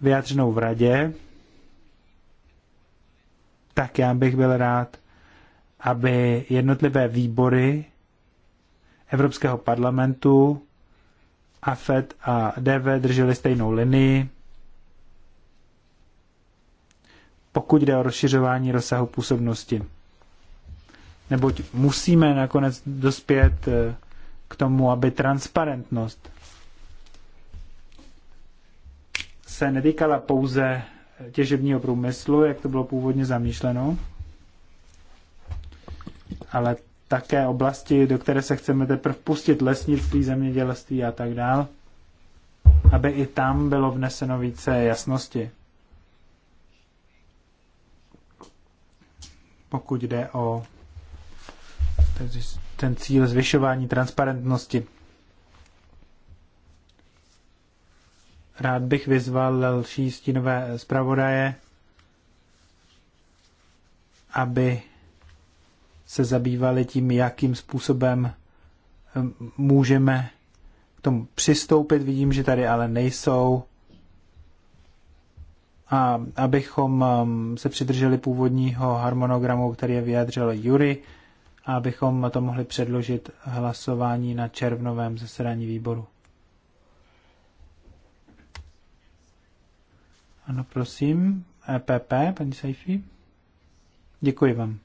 vyjádřenou v radě, tak já bych byl rád, aby jednotlivé výbory Evropského parlamentu, AFED a DV drželi stejnou linii, pokud jde o rozšiřování rozsahu působnosti. Neboť musíme nakonec dospět eh, k tomu, aby transparentnost se netýkala pouze eh, těžebního průmyslu, jak to bylo původně zamýšleno, ale také oblasti, do které se chceme teprve pustit, lesnictví, zemědělství a tak dál, aby i tam bylo vneseno více jasnosti. Pokud jde o ten cíl zvyšování transparentnosti. Rád bych vyzval další stínové zpravodaje, aby se zabývali tím, jakým způsobem hm, můžeme k tomu přistoupit. Vidím, že tady ale nejsou. A abychom hm, se přidrželi původního harmonogramu, který je vyjadřil Jury, a abychom to mohli předložit hlasování na červnovém zasedání výboru. Ano, prosím. EPP, paní Saifi. Děkuji vám,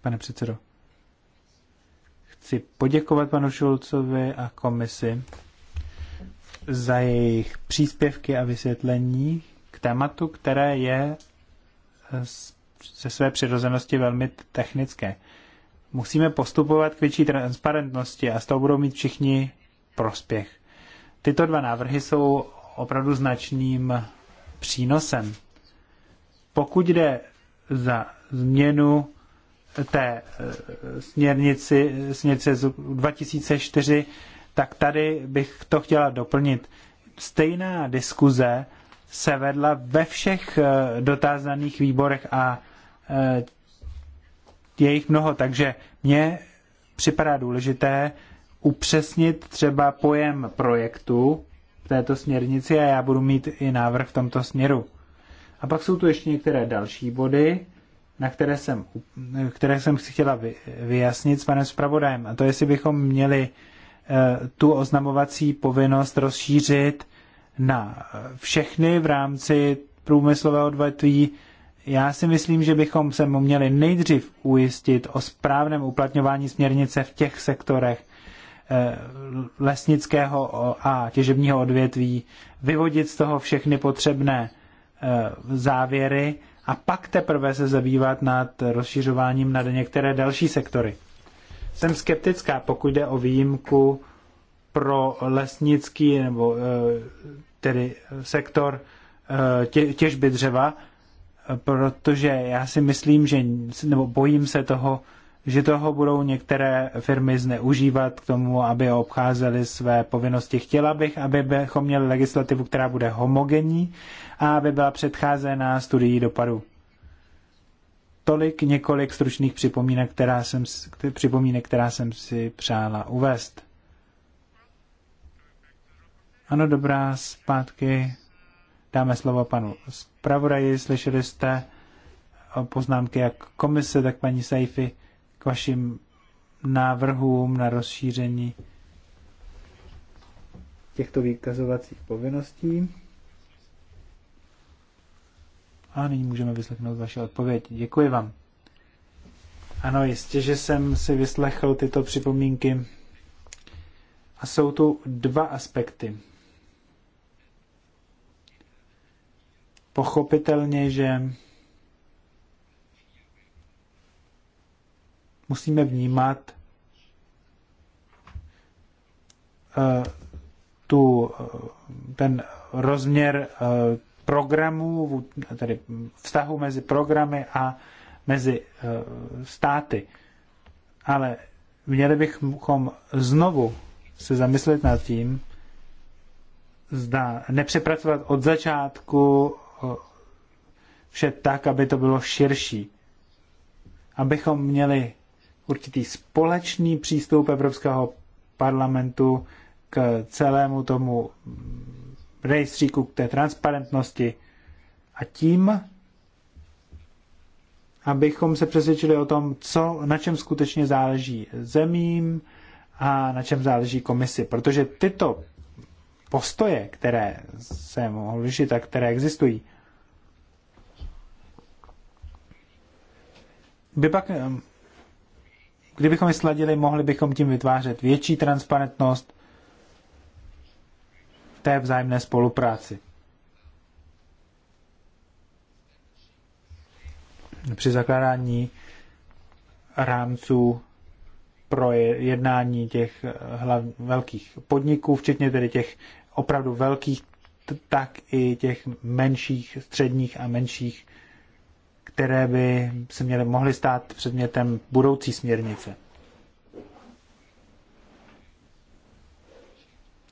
pane předsedo. Chci poděkovat panu Šulcovi a komisi za jejich příspěvky a vysvětlení k tématu, které je ze své přirozenosti velmi technické. Musíme postupovat k větší transparentnosti a z toho budou mít všichni prospěch. Tyto dva návrhy jsou opravdu značným přínosem. Pokud jde za změnu té e, směrnici, směrnice z 2004, tak tady bych to chtěla doplnit. Stejná diskuze se vedla ve všech e, dotázaných výborech a e, je jich mnoho, takže mně připadá důležité upřesnit třeba pojem projektu této směrnici a já budu mít i návrh v tomto směru. A pak jsou tu ještě některé další body, na které jsem, které jsem chtěla vyjasnit s panem zpravodajem. A to, jestli bychom měli eh, tu oznamovací povinnost rozšířit na eh, všechny v rámci průmyslového odvětví. Já si myslím, že bychom se měli nejdřív ujistit o správném uplatňování směrnice v těch sektorech, Eh, lesnického a těžebního odvětví, vyvodit z toho všechny potřebné eh, závěry a pak teprve se zabývat nad rozšiřováním na některé další sektory. Jsem skeptická, pokud jde o výjimku pro lesnický nebo eh, tedy sektor těžby dřeva, protože já si myslím, že, nebo bojím se toho, že toho budou některé firmy zneužívat k tomu, aby obcházely své povinnosti. Chtěla bych, aby bychom měli legislativu, která bude homogenní a aby byla předcházená studií dopadu. Tolik několik stručných připomínek, která jsem, připomínek, která jsem si přála uvést. Ano, dobrá, zpátky dáme slovo panu zpravodaji. Slyšeli jste eh, poznámky jak komise, tak paní Seifi k vašim návrhům na rozšíření těchto vykazovacích povinností. A nyní můžeme vyslechnout vaše odpověď. Děkuji vám. Ano, jistě, že jsem si vyslechl tyto připomínky. A jsou tu dva aspekty. Pochopitelně, že musíme vnímat eh, tu, eh, ten rozměr eh, programů, tedy vztahu mezi programy a mezi státy. Ale měli bychom znovu se zamyslet nad tím, zda nepřepracovat od začátku vše tak, aby to bylo širší. Abychom měli určitý společný přístup Evropského parlamentu k celému tomu rejstříku, k té transparentnosti a tím, abychom se přesvědčili o tom, co, na čem skutečně záleží zemím a na čem záleží komisi. Protože tyto postoje, které se mohou lišit a které existují, by pak Kdybychom je sladili, mohli bychom tím vytvářet větší transparentnost té vzájemné spolupráci. Při zakládání rámců pro jednání těch eh, hlav, velkých podniků, včetně tedy těch opravdu velkých, tak i těch menších, středních a menších které by se měly, mohly stát předmětem budoucí směrnice.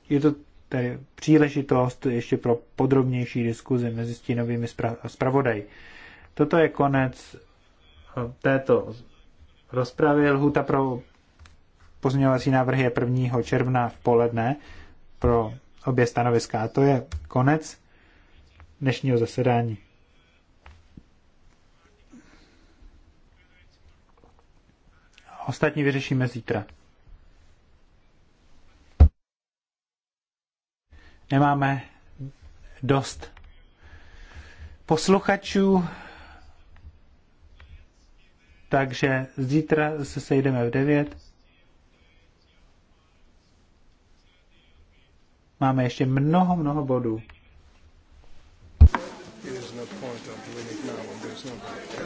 Je to tedy příležitost ještě pro podrobnější diskuzi mezi stínovými zpravodaji. Toto je konec eh, této rozpravy. Lhuta pro pozměňovací návrhy je 1. června v poledne pro obě stanoviska. A to je konec dnešního zasedání. Ostatní vyřešíme zítra. Nemáme dost posluchačů, takže zítra se sejdeme v 9. Máme ještě mnoho, mnoho bodů.